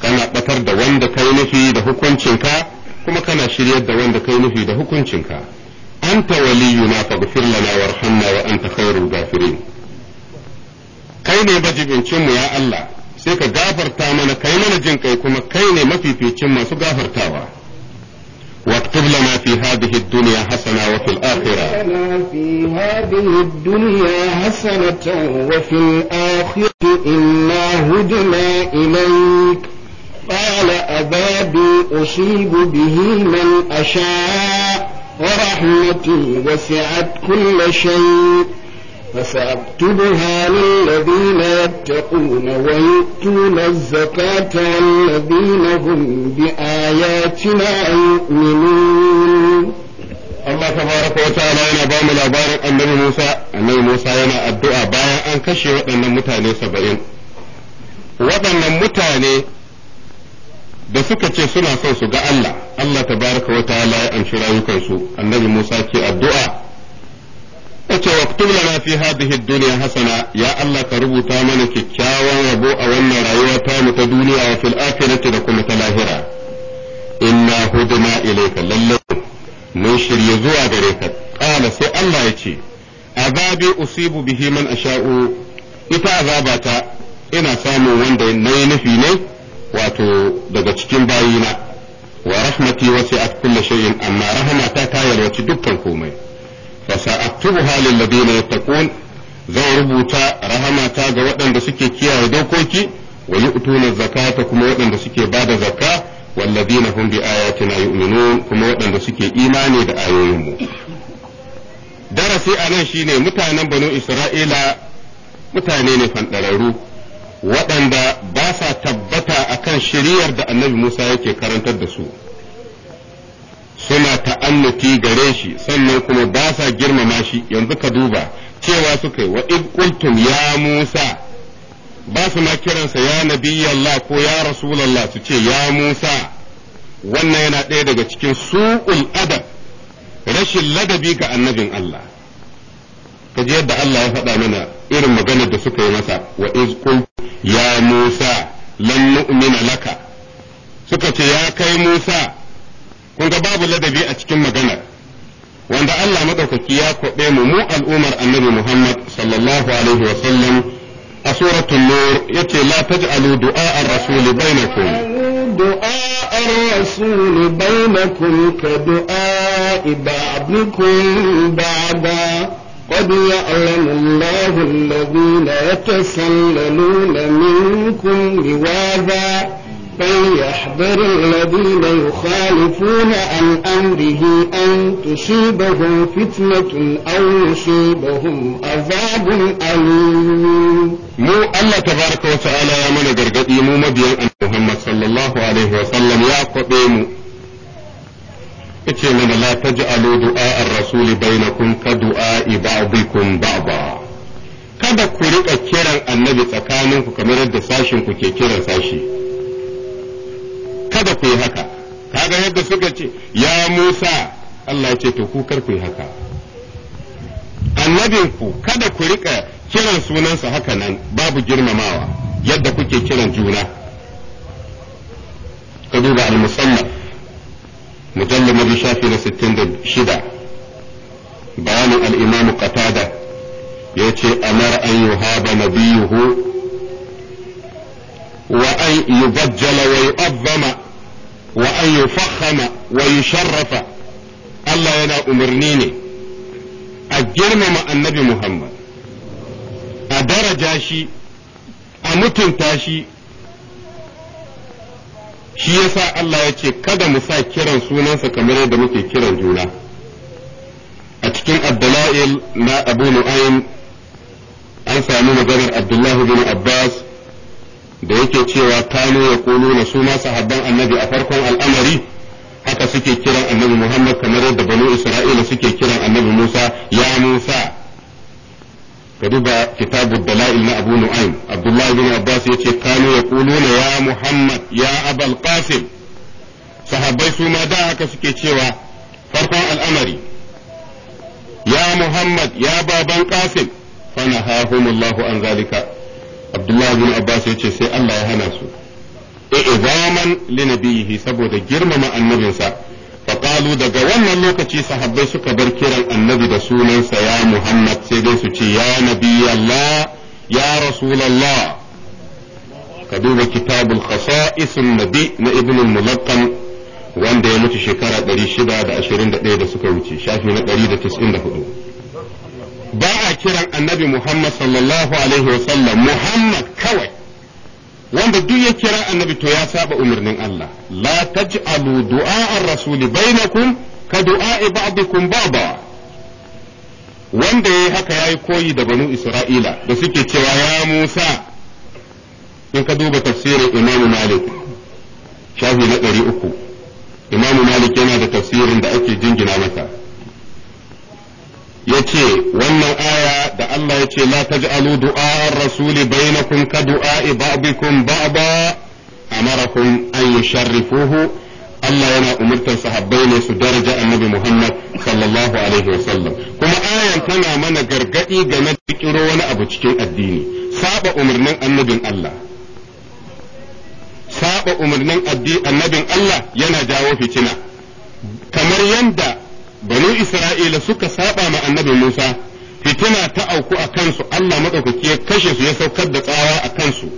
kana batar da wanda kai nufi da hukuncin ka kuma kana shiryar da wanda kai nufi da hukuncin ka anta waliyuna faghfir lana warhamna wa anta khairul ghafirin kai ne majibincin mu ya Allah sai ka gafarta mana kai mana jin kai kuma kai ne mafificin masu gafartawa واكتب لنا في هذه الدنيا حسنة وفي الآخرة لنا في هذه الدنيا حسنة وفي الآخرة إنا هدنا إليك قال أبابي أصيب به من أشاء ورحمتي وسعت كل شيء فسأكتبها للذين يتقون ويؤتون الزكاة والذين هم بآياتنا يؤمنون Allah tabaraka wa ta'ala yana ba mu labarin annabi Musa annabi Musa yana addu'a bayan an kashe waɗannan mutane saba'in waɗannan mutane da suka ce suna son su ga Allah Allah tabaraka wa ta'ala ya amshi rayukansu annabi Musa ke addu'a yake waktub lana fi hadhihi dunya hasana ya Allah ka rubuta mana kyakkyawan rabo a wannan rayuwa ta mu ta duniya wa fil akhirati da kuma ta lahira inna hudna ilayka lallahu mun shirye zuwa gare ka qala sai Allah ya ce azabi usibu bihi man asha'u ita azabata ina samun wanda nayi nufi ne wato daga cikin bayina wa rahmati wasi'at kulli shay'in amma rahmata ta yalwaci dukkan komai فسأكتبها للذين يتقون zan rubuta rahamata ga waɗanda suke kiyaye dokoki wa yu'tuna ta kuma waɗanda suke bada zakka wallazina hum na ayatina yu'minun kuma waɗanda suke imani da ayoyinmu darasi anan nan shine mutanen banu isra'ila mutane ne fanɗararru waɗanda ba sa tabbata kan shiriyar da annabi Musa yake karantar da su suna ta'annuti gare shi sannan kuma ba sa girmama shi yanzu ka duba cewa suka yi wa qultum ya Musa ba su ma kiransa ya nabiyallah ko ya rasulallah su ce ya Musa wannan yana ɗaya daga cikin su'ul adab rashin ladabi ga annabin Allah ka ji yadda Allah ya faɗa mana irin maganar da suka yi masa wa qultum ya Musa lan nu'mina laka suka ce ya kai Musa kun ga babu ladabi a cikin magana wanda Allah madaukaki ya kwaɓe mu mu al'umar annabi Muhammad sallallahu alaihi wa sallam a suratul nur yace la taj'alu du'a ar-rasul bainakum du'a ar دعاء bainakum ka du'a بعضكم ba'da قد يعلم الله الذين يتسللون منكم لواذا فليحذر الذين يخالفون عن أمره أن تصيبهم فتنة أو يصيبهم عذاب أليم مو الله تبارك وتعالى يا من قرقدي مو مبيا محمد صلى الله عليه وسلم يا قديم اتي من لا تجعلوا دعاء الرسول بينكم كدعاء بعضكم بعضا kada ku riƙa kiran annabi tsakaninku kamar yadda sashin ku ke kiran sashi kada ku yi haka kaga yadda suka ce ya Musa Allah ya ce to ku kar ku yi haka ku kada ku rika kiran sunansa haka nan babu girmamawa yadda kuke kiran juna ka duba al-musamman mujallar mabi shafi na 66 bayanin al-imamu qatada ya ce amara an yuhaba nabiyuhu wa an yubajjala wa yu'azzama wa an yufakhama wa yusharrafa Allah yana umarni ne a girmama annabi Muhammad a daraja shi a mutunta shi shi yasa Allah ya ce kada mu sa kiran sunansa kamar da muke kiran juna a cikin abdala'il na abu an sami maganar abdullahi bin abbas da yake cewa kano ya kolo na su sahabban annabi a farkon al'amari haka suke kiran annabi muhammad kamar yadda banu isra'ila suke kiran annabi musa ya musa ka duba kitabu dala'il na abu nu'aym abdullahi bin abbas ce kano ya kolo na ya muhammad ya abal qasim sahabbai su ma da haka suke cewa farkon al'amari ya muhammad ya baban qasim fa nahahumullahu an zalika abdullahi bin abbas ya ce sai allah ya hana su e, i'zaman linabihi saboda girmama annabinsa faƙalu daga wannan lokaci sahabbai suka bar kiran annabi da sunansa ya muhammad sai dai su ce ya nabiyallah ya rasulallah ka duba kitabul khasa'isun nabi na ibn al wanda ya mutu shekara 621 da suka wuce shafi na 194 ba a kiran annabi Muhammad sallallahu alaihi wasallam Muhammad kawai wanda duk ya kira annabi to ya saba umarnin Allah la taj'alu du'a'ar rasuli rasul bainakum ka du'a ba'dikum baba wanda ya haka ya yi koyi da banu Isra'ila da suke cewa ya Musa in ka duba tafsirin Imam Malik shafi na uku, imamu Malik yana da tafsirin da ake jingina masa yace wannan aya da Allah ce la taj'alu du'a ar-rasuli bainakum ka du'a ba'dikum ba'da amarakum an yusharrifuhu Allah yana umurtar sahabbai ne su daraja annabi Muhammad sallallahu alaihi wasallam kuma ayan tana mana gargadi game da kiro wani abu cikin addini saba umarnin annabin Allah saba umarnin annabin Allah yana jawo fitina kamar yadda. banu isra'ila suka saba ma annabi musa fitina ta auku a kansu allah maɗaukaki ya kashe su ya saukar da tsawa a kansu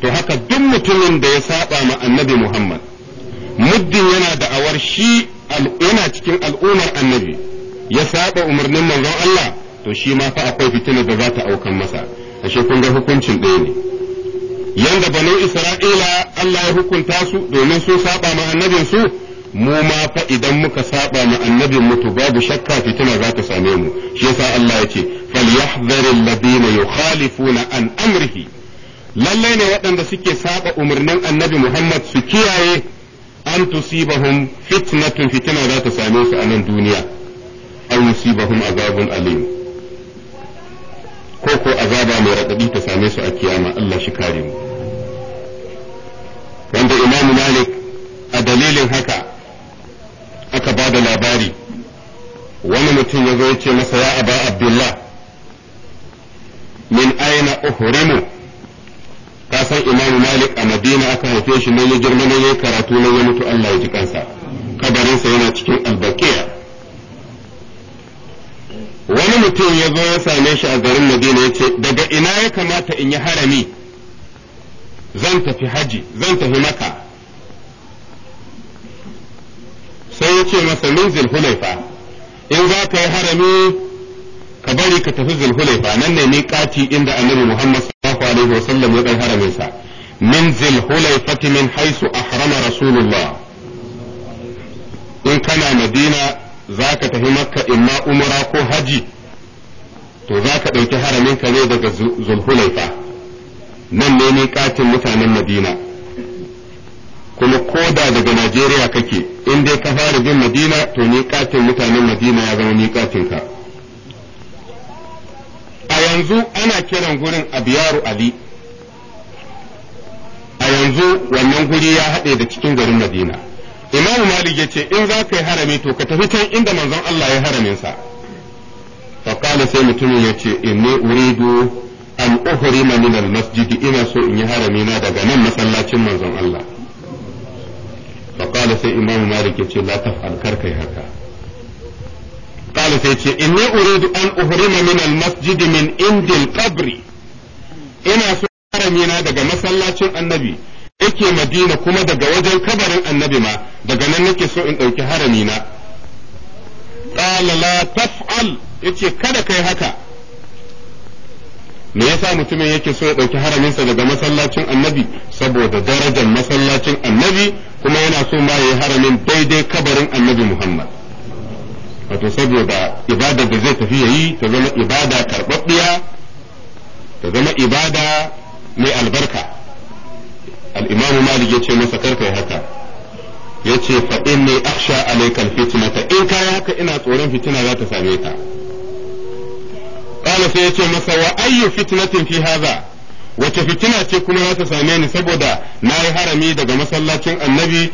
to haka duk mutumin da ya saba ma annabi muhammad muddin yana da'awar shi yana cikin al'ummar annabi ya saba umarnin manzon allah to shi ma fa akwai fitina da za ta aukan masa ashe kun ga hukuncin ɗaya ne yanda banu isra'ila allah ya hukunta su domin sun saba ma annabin su mu ma fa idan muka saba ma annabin mutu babu shakka fitina za ta same mu shi yasa Allah yace falyahdharil ladina yukhalifuna an amrihi lalle ne waɗanda suke saba umarnin annabi Muhammad su kiyaye an tusibahum fitnatun fitina za ta same su a nan duniya aw yusibahum azabun alim ko ko azaba mai raɗaɗi ta same su a kiyama Allah shi kare mu wanda Imam Malik a dalilin haka aka ba da labari wani mutum ya zo ya ce masa ya aba abdullah min aina uhrimu ka san imam malik a madina aka haife shi ne ya girma ne ya karatu ne ya mutu allah ya ji kansa kabarinsa yana cikin albakiya wani mutum ya zo ya same shi a garin madina ya ce daga ina ya kamata in yi harami zan tafi haji zan tafi maka sai ya ce masa min zulhulaifa in za ka yi harami ka bari ka tafi zulhulaifa nan ne kati inda annabi muhammad sallallahu alaihi sallam ya kai haramin sa min zulhulaifati min haisu ahrama rasulullah in kana madina za ka tafi makka imma umra ko haji to za ka ɗauki haramin ka ne daga zulhulaifa nan ne katin mutanen madina kuma ko daga Najeriya kake in dai ka fara bin Madina to katin mutanen Madina ya zama katin ka a yanzu ana kiran gurin Abiyaru Ali a yanzu wannan guri ya haɗe da cikin garin Madina Imam Malik ya ce in za ka yi harami to ka tafi can inda manzon Allah ya haramin sa فقال sai mutumin ya ce inni uridu an uhrima min al-masjid ina so in yi harami na daga nan masallacin manzon Allah qala sai imamu malik yace la taf'al kar kai haka qala sai yace inni uridu an uhrima min al masjid min indil qabri ina so haramina daga masallacin annabi yake madina kuma daga wajen kabarin annabi ma daga nan nake so in ɗauki haramina qala la taf'al yace kada kai haka me yasa mutumin yake so ya ɗauki haraminsa daga masallacin annabi saboda darajar masallacin annabi kuma yana so ma ya yi haramin daidai kabarin annabi muhammad wato saboda ibada da zai tafi ya yi ta zama ibada karɓaɓɓiya ta zama ibada mai albarka al'imamu malik ya ce masa karka yi haka ya ce fa inni aksha alaikal fitnata in kaya haka ina tsoron fitina za ta same ka qala sai yace masa wa ayyu fitnatin fi hadha wace fitina ce kuma za ta same ni saboda na yi harami daga masallacin annabi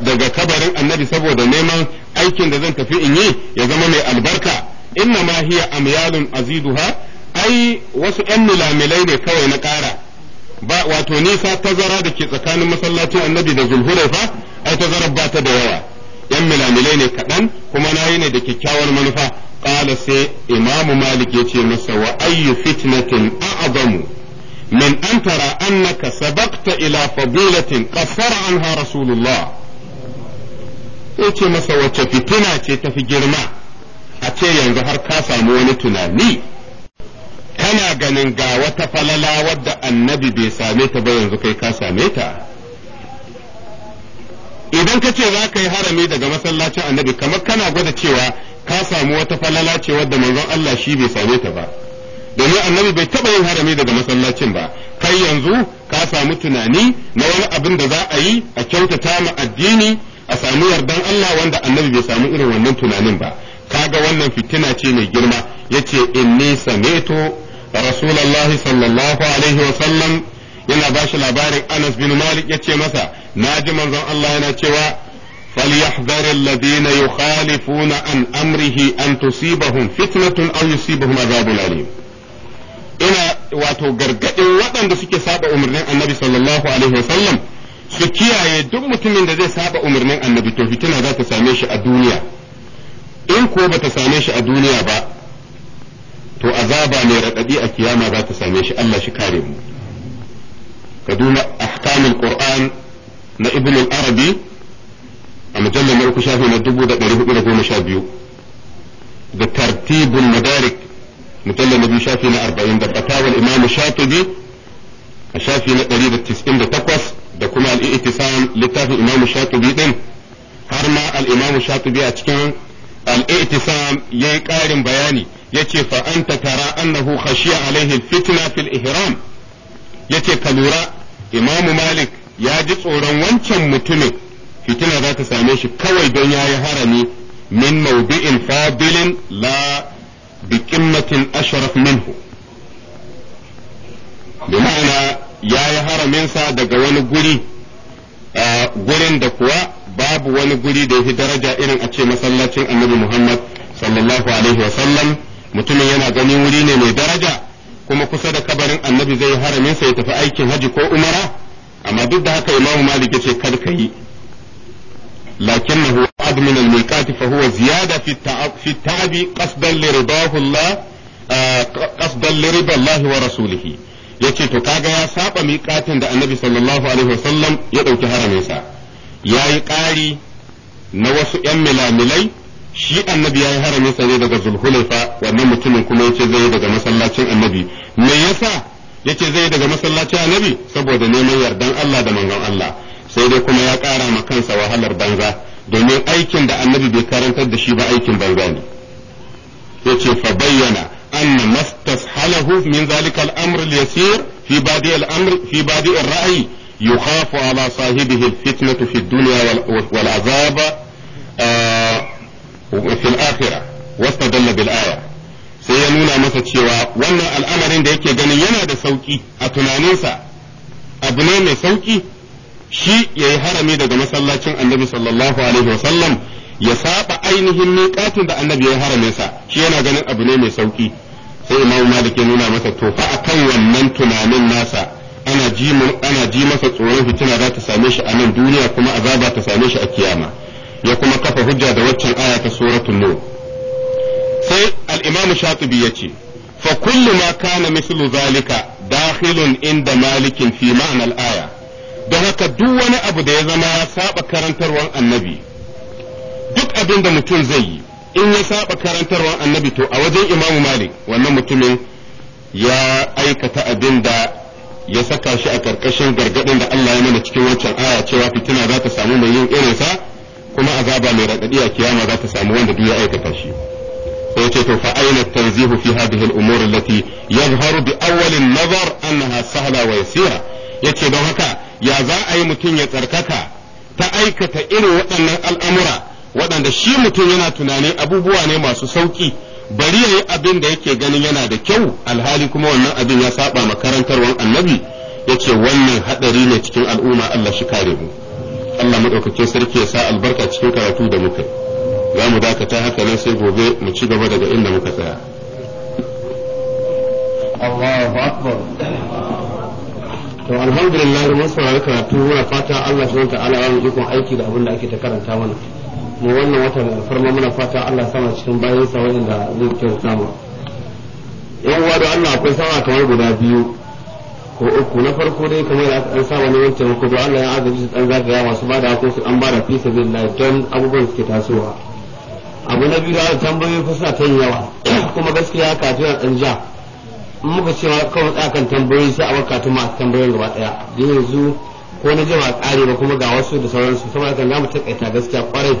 daga kabarin annabi saboda neman aikin da zan tafi in yi ya zama mai albarka inna mahiya a amyalun aziduha ai wasu yan milamilai ne kawai na ƙara wato nisa tazara da ke tsakanin masallacin annabi da zulhuraifa ai tazarar ba da yawa yan milamilai ne kaɗan kuma na yi ne da kyakkyawar manufa qala sai imam malik yace masa wa ayyu fitnatin a'zamu min an tara annaka sabaqta ila fadilatin qassara anha rasulullah yace masa wacce fitina ce tafi girma a ce yanzu har ka samu wani tunani kana ganin ga wata falala wadda annabi bai same ta ba yanzu kai ka same ta idan ka ce za ka yi harami daga masallacin annabi kamar kana gwada cewa ka samu wata falala ce wadda manzon Allah shi bai same ta ba domin annabi bai taɓa yin harami daga masallacin ba kai yanzu ka samu tunani na wani abin da za a yi a kyautata ma addini a samu yardan Allah wanda annabi bai samu irin wannan tunanin ba kaga wannan fitina ce mai girma yace inni sameto rasulullahi sallallahu alaihi wa sallam yana bashi labarin Anas bin Malik yace masa naji manzon Allah yana cewa فليحذر الذين يخالفون عن امره ان تصيبهم فتنه او يصيبهم عذاب اليم ina wato gargadin waɗanda suke saba umarnin annabi sallallahu alaihi wasallam su kiyaye duk mutumin da zai saba umarnin annabi to fitina za ta same shi a duniya in ko ba ta same shi a duniya ba to azaba mai raɗaɗi a kiyama za ta same shi Allah shi kare mu ka duna ahkamul qur'an na ibn al-arabi a mujallar na uku shafi na dubu da ɗari hudu da goma sha biyu da tartibun madarik mujallar na biyu shafi na arba'in da fatawar imamu shatibi a shafi na ɗari da tis'in da takwas da kuma al'i'tisam littafin imamu shatibi din har ma al'imamu shatibi a cikin al'i'tisam ya yi ƙarin bayani ya ce fa'anta tara annahu khashiya alaihi fitna fil ihram ya ce ka lura imamu malik ya ji tsoron wancan mutumin fitina za ta same shi kawai don ya yi harami min maubi'in fadilin la bi qimmatin ashraf minhu bi ma'ana ya yi haraminsa daga wani guri gurin da kuwa babu wani guri da yafi daraja irin a ce masallacin annabi Muhammad sallallahu alaihi wa sallam mutumin yana gani wuri ne mai daraja kuma kusa da kabarin annabi zai haraminsa ya tafi aikin haji ko umara amma duk da haka imamu malik ya ce kar ka yi لكنه أبعد من الميقات فهو زيادة في التعب, في التعب قصدا لرضاه الله قصدا لرضا الله ورسوله yace to kaga ya saba miƙatin da annabi sallallahu alaihi wasallam ya ɗauki haraminsa ya yi ƙari na wasu ‘yan milamilai shi annabi ya yi haraminsa ne daga zulhulaifa wannan mutumin kuma yace zai daga masallacin annabi me yasa yace zai daga masallacin annabi saboda neman yardan Allah da mangan Allah sai dai kuma ya ƙara ma kansa wahalar banza domin aikin da annabi bai karantar da shi ba aikin banga ne ya yace fa bayyana anna mastashalahu min zalika al-amr al-yasir fi badi al-amr fi badi ar-ra'y يخاف على صاحبه الفتنة في الدنيا والعذاب sai ya nuna masa cewa wannan al'amarin da yake ganin yana da sauki a tunaninsa abu ne mai sauƙi. shi ya yi harami daga masallacin annabi sallallahu alaihi wasallam ya saba ainihin miƙatin da annabi ya harame sa shi yana ganin abu ne mai sauki sai imamu malik ya nuna masa to fa akan wannan tunanin nasa ana ji ana ji masa tsoron fitina za ta same shi a nan duniya kuma azaba ta same shi a kiyama ya kuma kafa hujja da waccan aya ta suratul nur sai al-imam shatibi yace fa kullu ma kana mislu zalika dakhilun inda malikin fi ma'na aya da haka duk wani abu da ya zama ya saba karantarwar annabi duk abin da mutum zai yi in ya saba karantarwar annabi to a wajen imamu malik wannan mutumin ya aikata abin da ya saka shi a karkashin gargadin da Allah ya mana cikin wancan aya cewa fitina za ta samu mai yin sa kuma azaba mai raɗaɗi a kiyama za ta samu wanda duk ya aikata shi sai ce to fa aina tanzihu fi hadhihi al-umur allati yadhharu bi awwal an-nazar annaha sahla wa yasira yace don haka ya za a yi mutum ya tsarkaka ta aikata irin waɗannan al'amura waɗanda shi mutum yana tunani abubuwa ne masu sauƙi bari ya yi abin da yake ganin yana da kyau alhali kuma wannan abin ya saba makarantarwar annabi ya ce wannan haɗari ne cikin al'umma Allah shi kare mu Allah maɗaukakin sarki ya sa albarka cikin karatu da muka za mu dakata haka nan sai gobe mu ci gaba daga inda muka tsaya to alhamdulillah mun saurari karatu muna fata Allah subhanahu ta'ala ya yi ikon aiki da abin da ake ta karanta mana mu wannan wata mai farma muna fata Allah sama cikin bayan sa wanda zai kyauta mu yan uwa da Allah akwai sama kamar guda biyu ko uku na farko dai kamar da an saba ne wancan ko Allah ya azabi su dan zagaya masu bada ko su an bada fi sabilillah don abubuwan suke tasowa abu na biyu da tambayoyi fasata ta yawa kuma gaskiya kafin tuna dan ja muka cewa kawai tsakan tambayoyi sai a wakatu masu tambayoyin gaba daya da yanzu ko na jima kare ba kuma ga wasu da sauransu saboda kan mu takaita gaskiya kwarai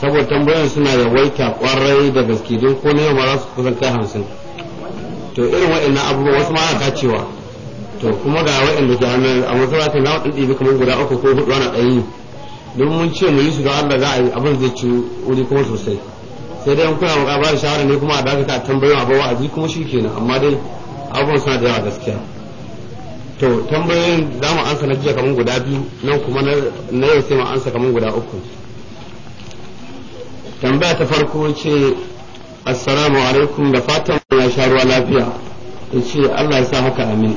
saboda tambayoyin suna da waita kwarai da gaske don ko na yau za su kusan kai hamsin to irin waɗannan abubuwa wasu ma ana cewa to kuma ga waɗanda ke hannun a wasu za ka zama ɗin ɗibi kamar guda uku ko hudu ana ɗayi don mun ce mu yi su don Allah za a yi abin zai ci wuri kuma sosai sai dai an kuna maka ba da shawara ne kuma a dakata a tambayoyin a bawa aji kuma shi kenan amma dai abubuwan suna da yawa gaskiya to tambayoyin za mu ansa na jiya kamar guda biyu nan kuma na yau sai mu ansa kamar guda uku tambaya ta farko ce assalamu alaikum da fatan ya sha ruwa lafiya ya ce allah ya sa haka amin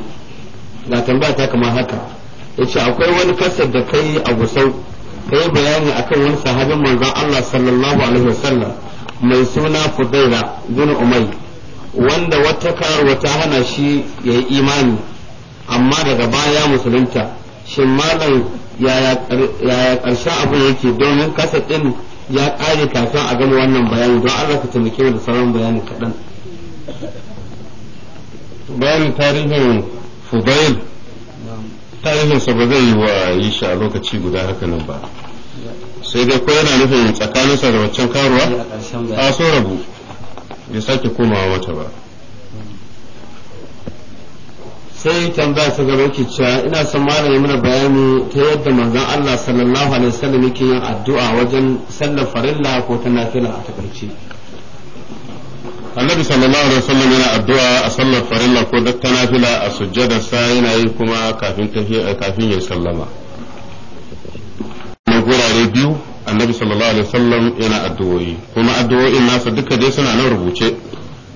ga tambaya ta kamar haka ya ce akwai wani kasar da kai a gusau ka yi bayani akan wani sahabin manzan allah sallallahu alaihi wasallam mai suna fudaira bin umai wanda wata karuwa ta hana shi ya yi imani amma daga baya musulunta shin malam yaya karshe abin yake domin kasa ɗin ya ƙare kafin a gama wannan bayani don Allah ka taimake da sauran bayani kaɗan bayanin tarihin fudail tarihinsa ba zai yi wa yi shi a lokaci guda haka nan ba sai dai ko yana nufin tsakanin da waccan karuwa a so rabu ya sake komawa mata ba sai tambaya ta gaba ke cewa ina son malam ya mana bayani ta yadda manzon Allah sallallahu alaihi wasallam yake yin addu'a wajen sallar farilla ko ta nafila a takarci. annabi sallallahu alaihi wasallam yana addu'a a sallar farilla ko ta nafila a sa yana yi kuma kafin kafin ya sallama gurare biyu annabi sallallahu alaihi wasallam yana addu'o'i kuma addu'o'in nasa duka dai suna nan rubuce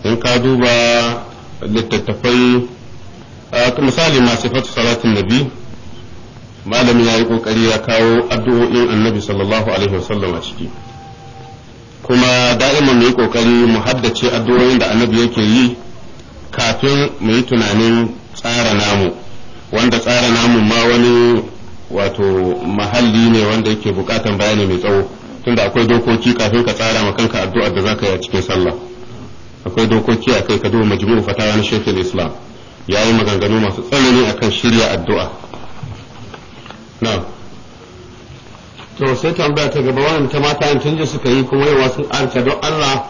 in ka duba littattafai misali ma sifatu salatin nabi malami ya yi kokari ya kawo addu'o'in annabi sallallahu alaihi wasallam a ciki kuma da'ima mu yi kokari mu haddace addu'o'in da annabi yake yi kafin mu yi tunanin tsara namu wanda tsara namu ma wani wato mahalli ne wanda yake bukatan bayani mai tsawo tunda akwai dokoki kafin ka tsara ma kanka addu'ar da zaka yi a cikin sallah akwai dokoki a kai ka duba majmu'u fatawa na shekul islam ya yi maganganu masu tsanani akan shirya addu'a na to sai tambaya ta gaba wannan ta mata an tunje suka yi kuma yawa sun arka don Allah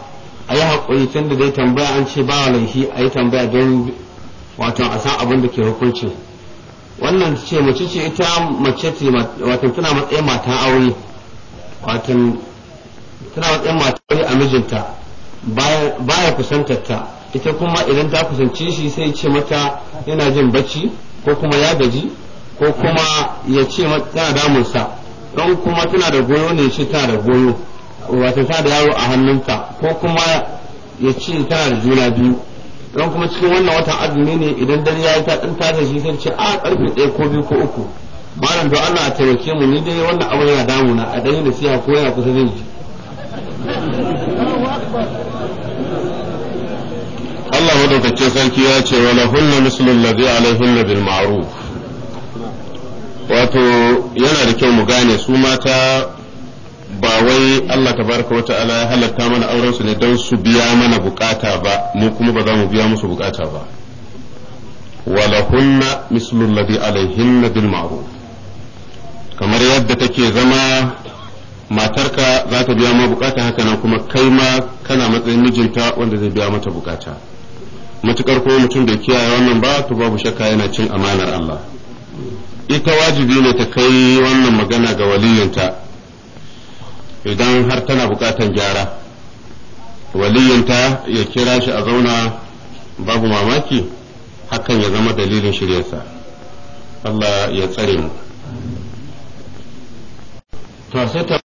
a yi haƙuri tun da dai tambaya an ce ba laifi a yi tambaya don wato a san abin da ke hukunci wannan ce mace ce ita mace ce wato tana matsayin matan aure wato tana matsayin mata aure a mijinta baya kusantar ta ita kuma idan ta kusance shi sai ce mata yana jin bacci ko kuma ya gaji ko kuma ya ce tana damunsa don kuma tana da goyo ne ce tana da goyo wato tana da yaro a hannunta ko kuma ya ce tana da juna biyu don kuma cikin wannan watan azumi ne idan dare ya yi ta ɗin tare shi sai ce a ah, ƙarfe ɗaya ko biyu ko uku malam don Allah a taimake mu ni dai wannan abu yana damuna a ɗanyen da siya ko yana kusa zai ji Allah madaukake sarki ya ce wa musulun mislul ladhi alaihinna bil ma'ruf wato yana da kyau mu gane su mata ba wai Allah tabaraka wa ta'ala ya halatta mana auren su ne don su biya mana bukata ba mu kuma ba za mu biya musu bukata ba walahunna mislu alladhi alaihinna bil ma'ruf kamar yadda take zama matarka za ta biya ma bukata haka nan kuma kai ma kana matsayin mijinta wanda zai biya mata bukata matukar ko mutum da kiyaye wannan ba to babu shakka yana cin amanar Allah ita wajibi ne ta kai wannan magana ga waliyinta idan har tana bukatan gyara waliyinta ya kira shi a zauna babu mamaki hakan ya zama dalilin shiryarsa Allah ya tsare mu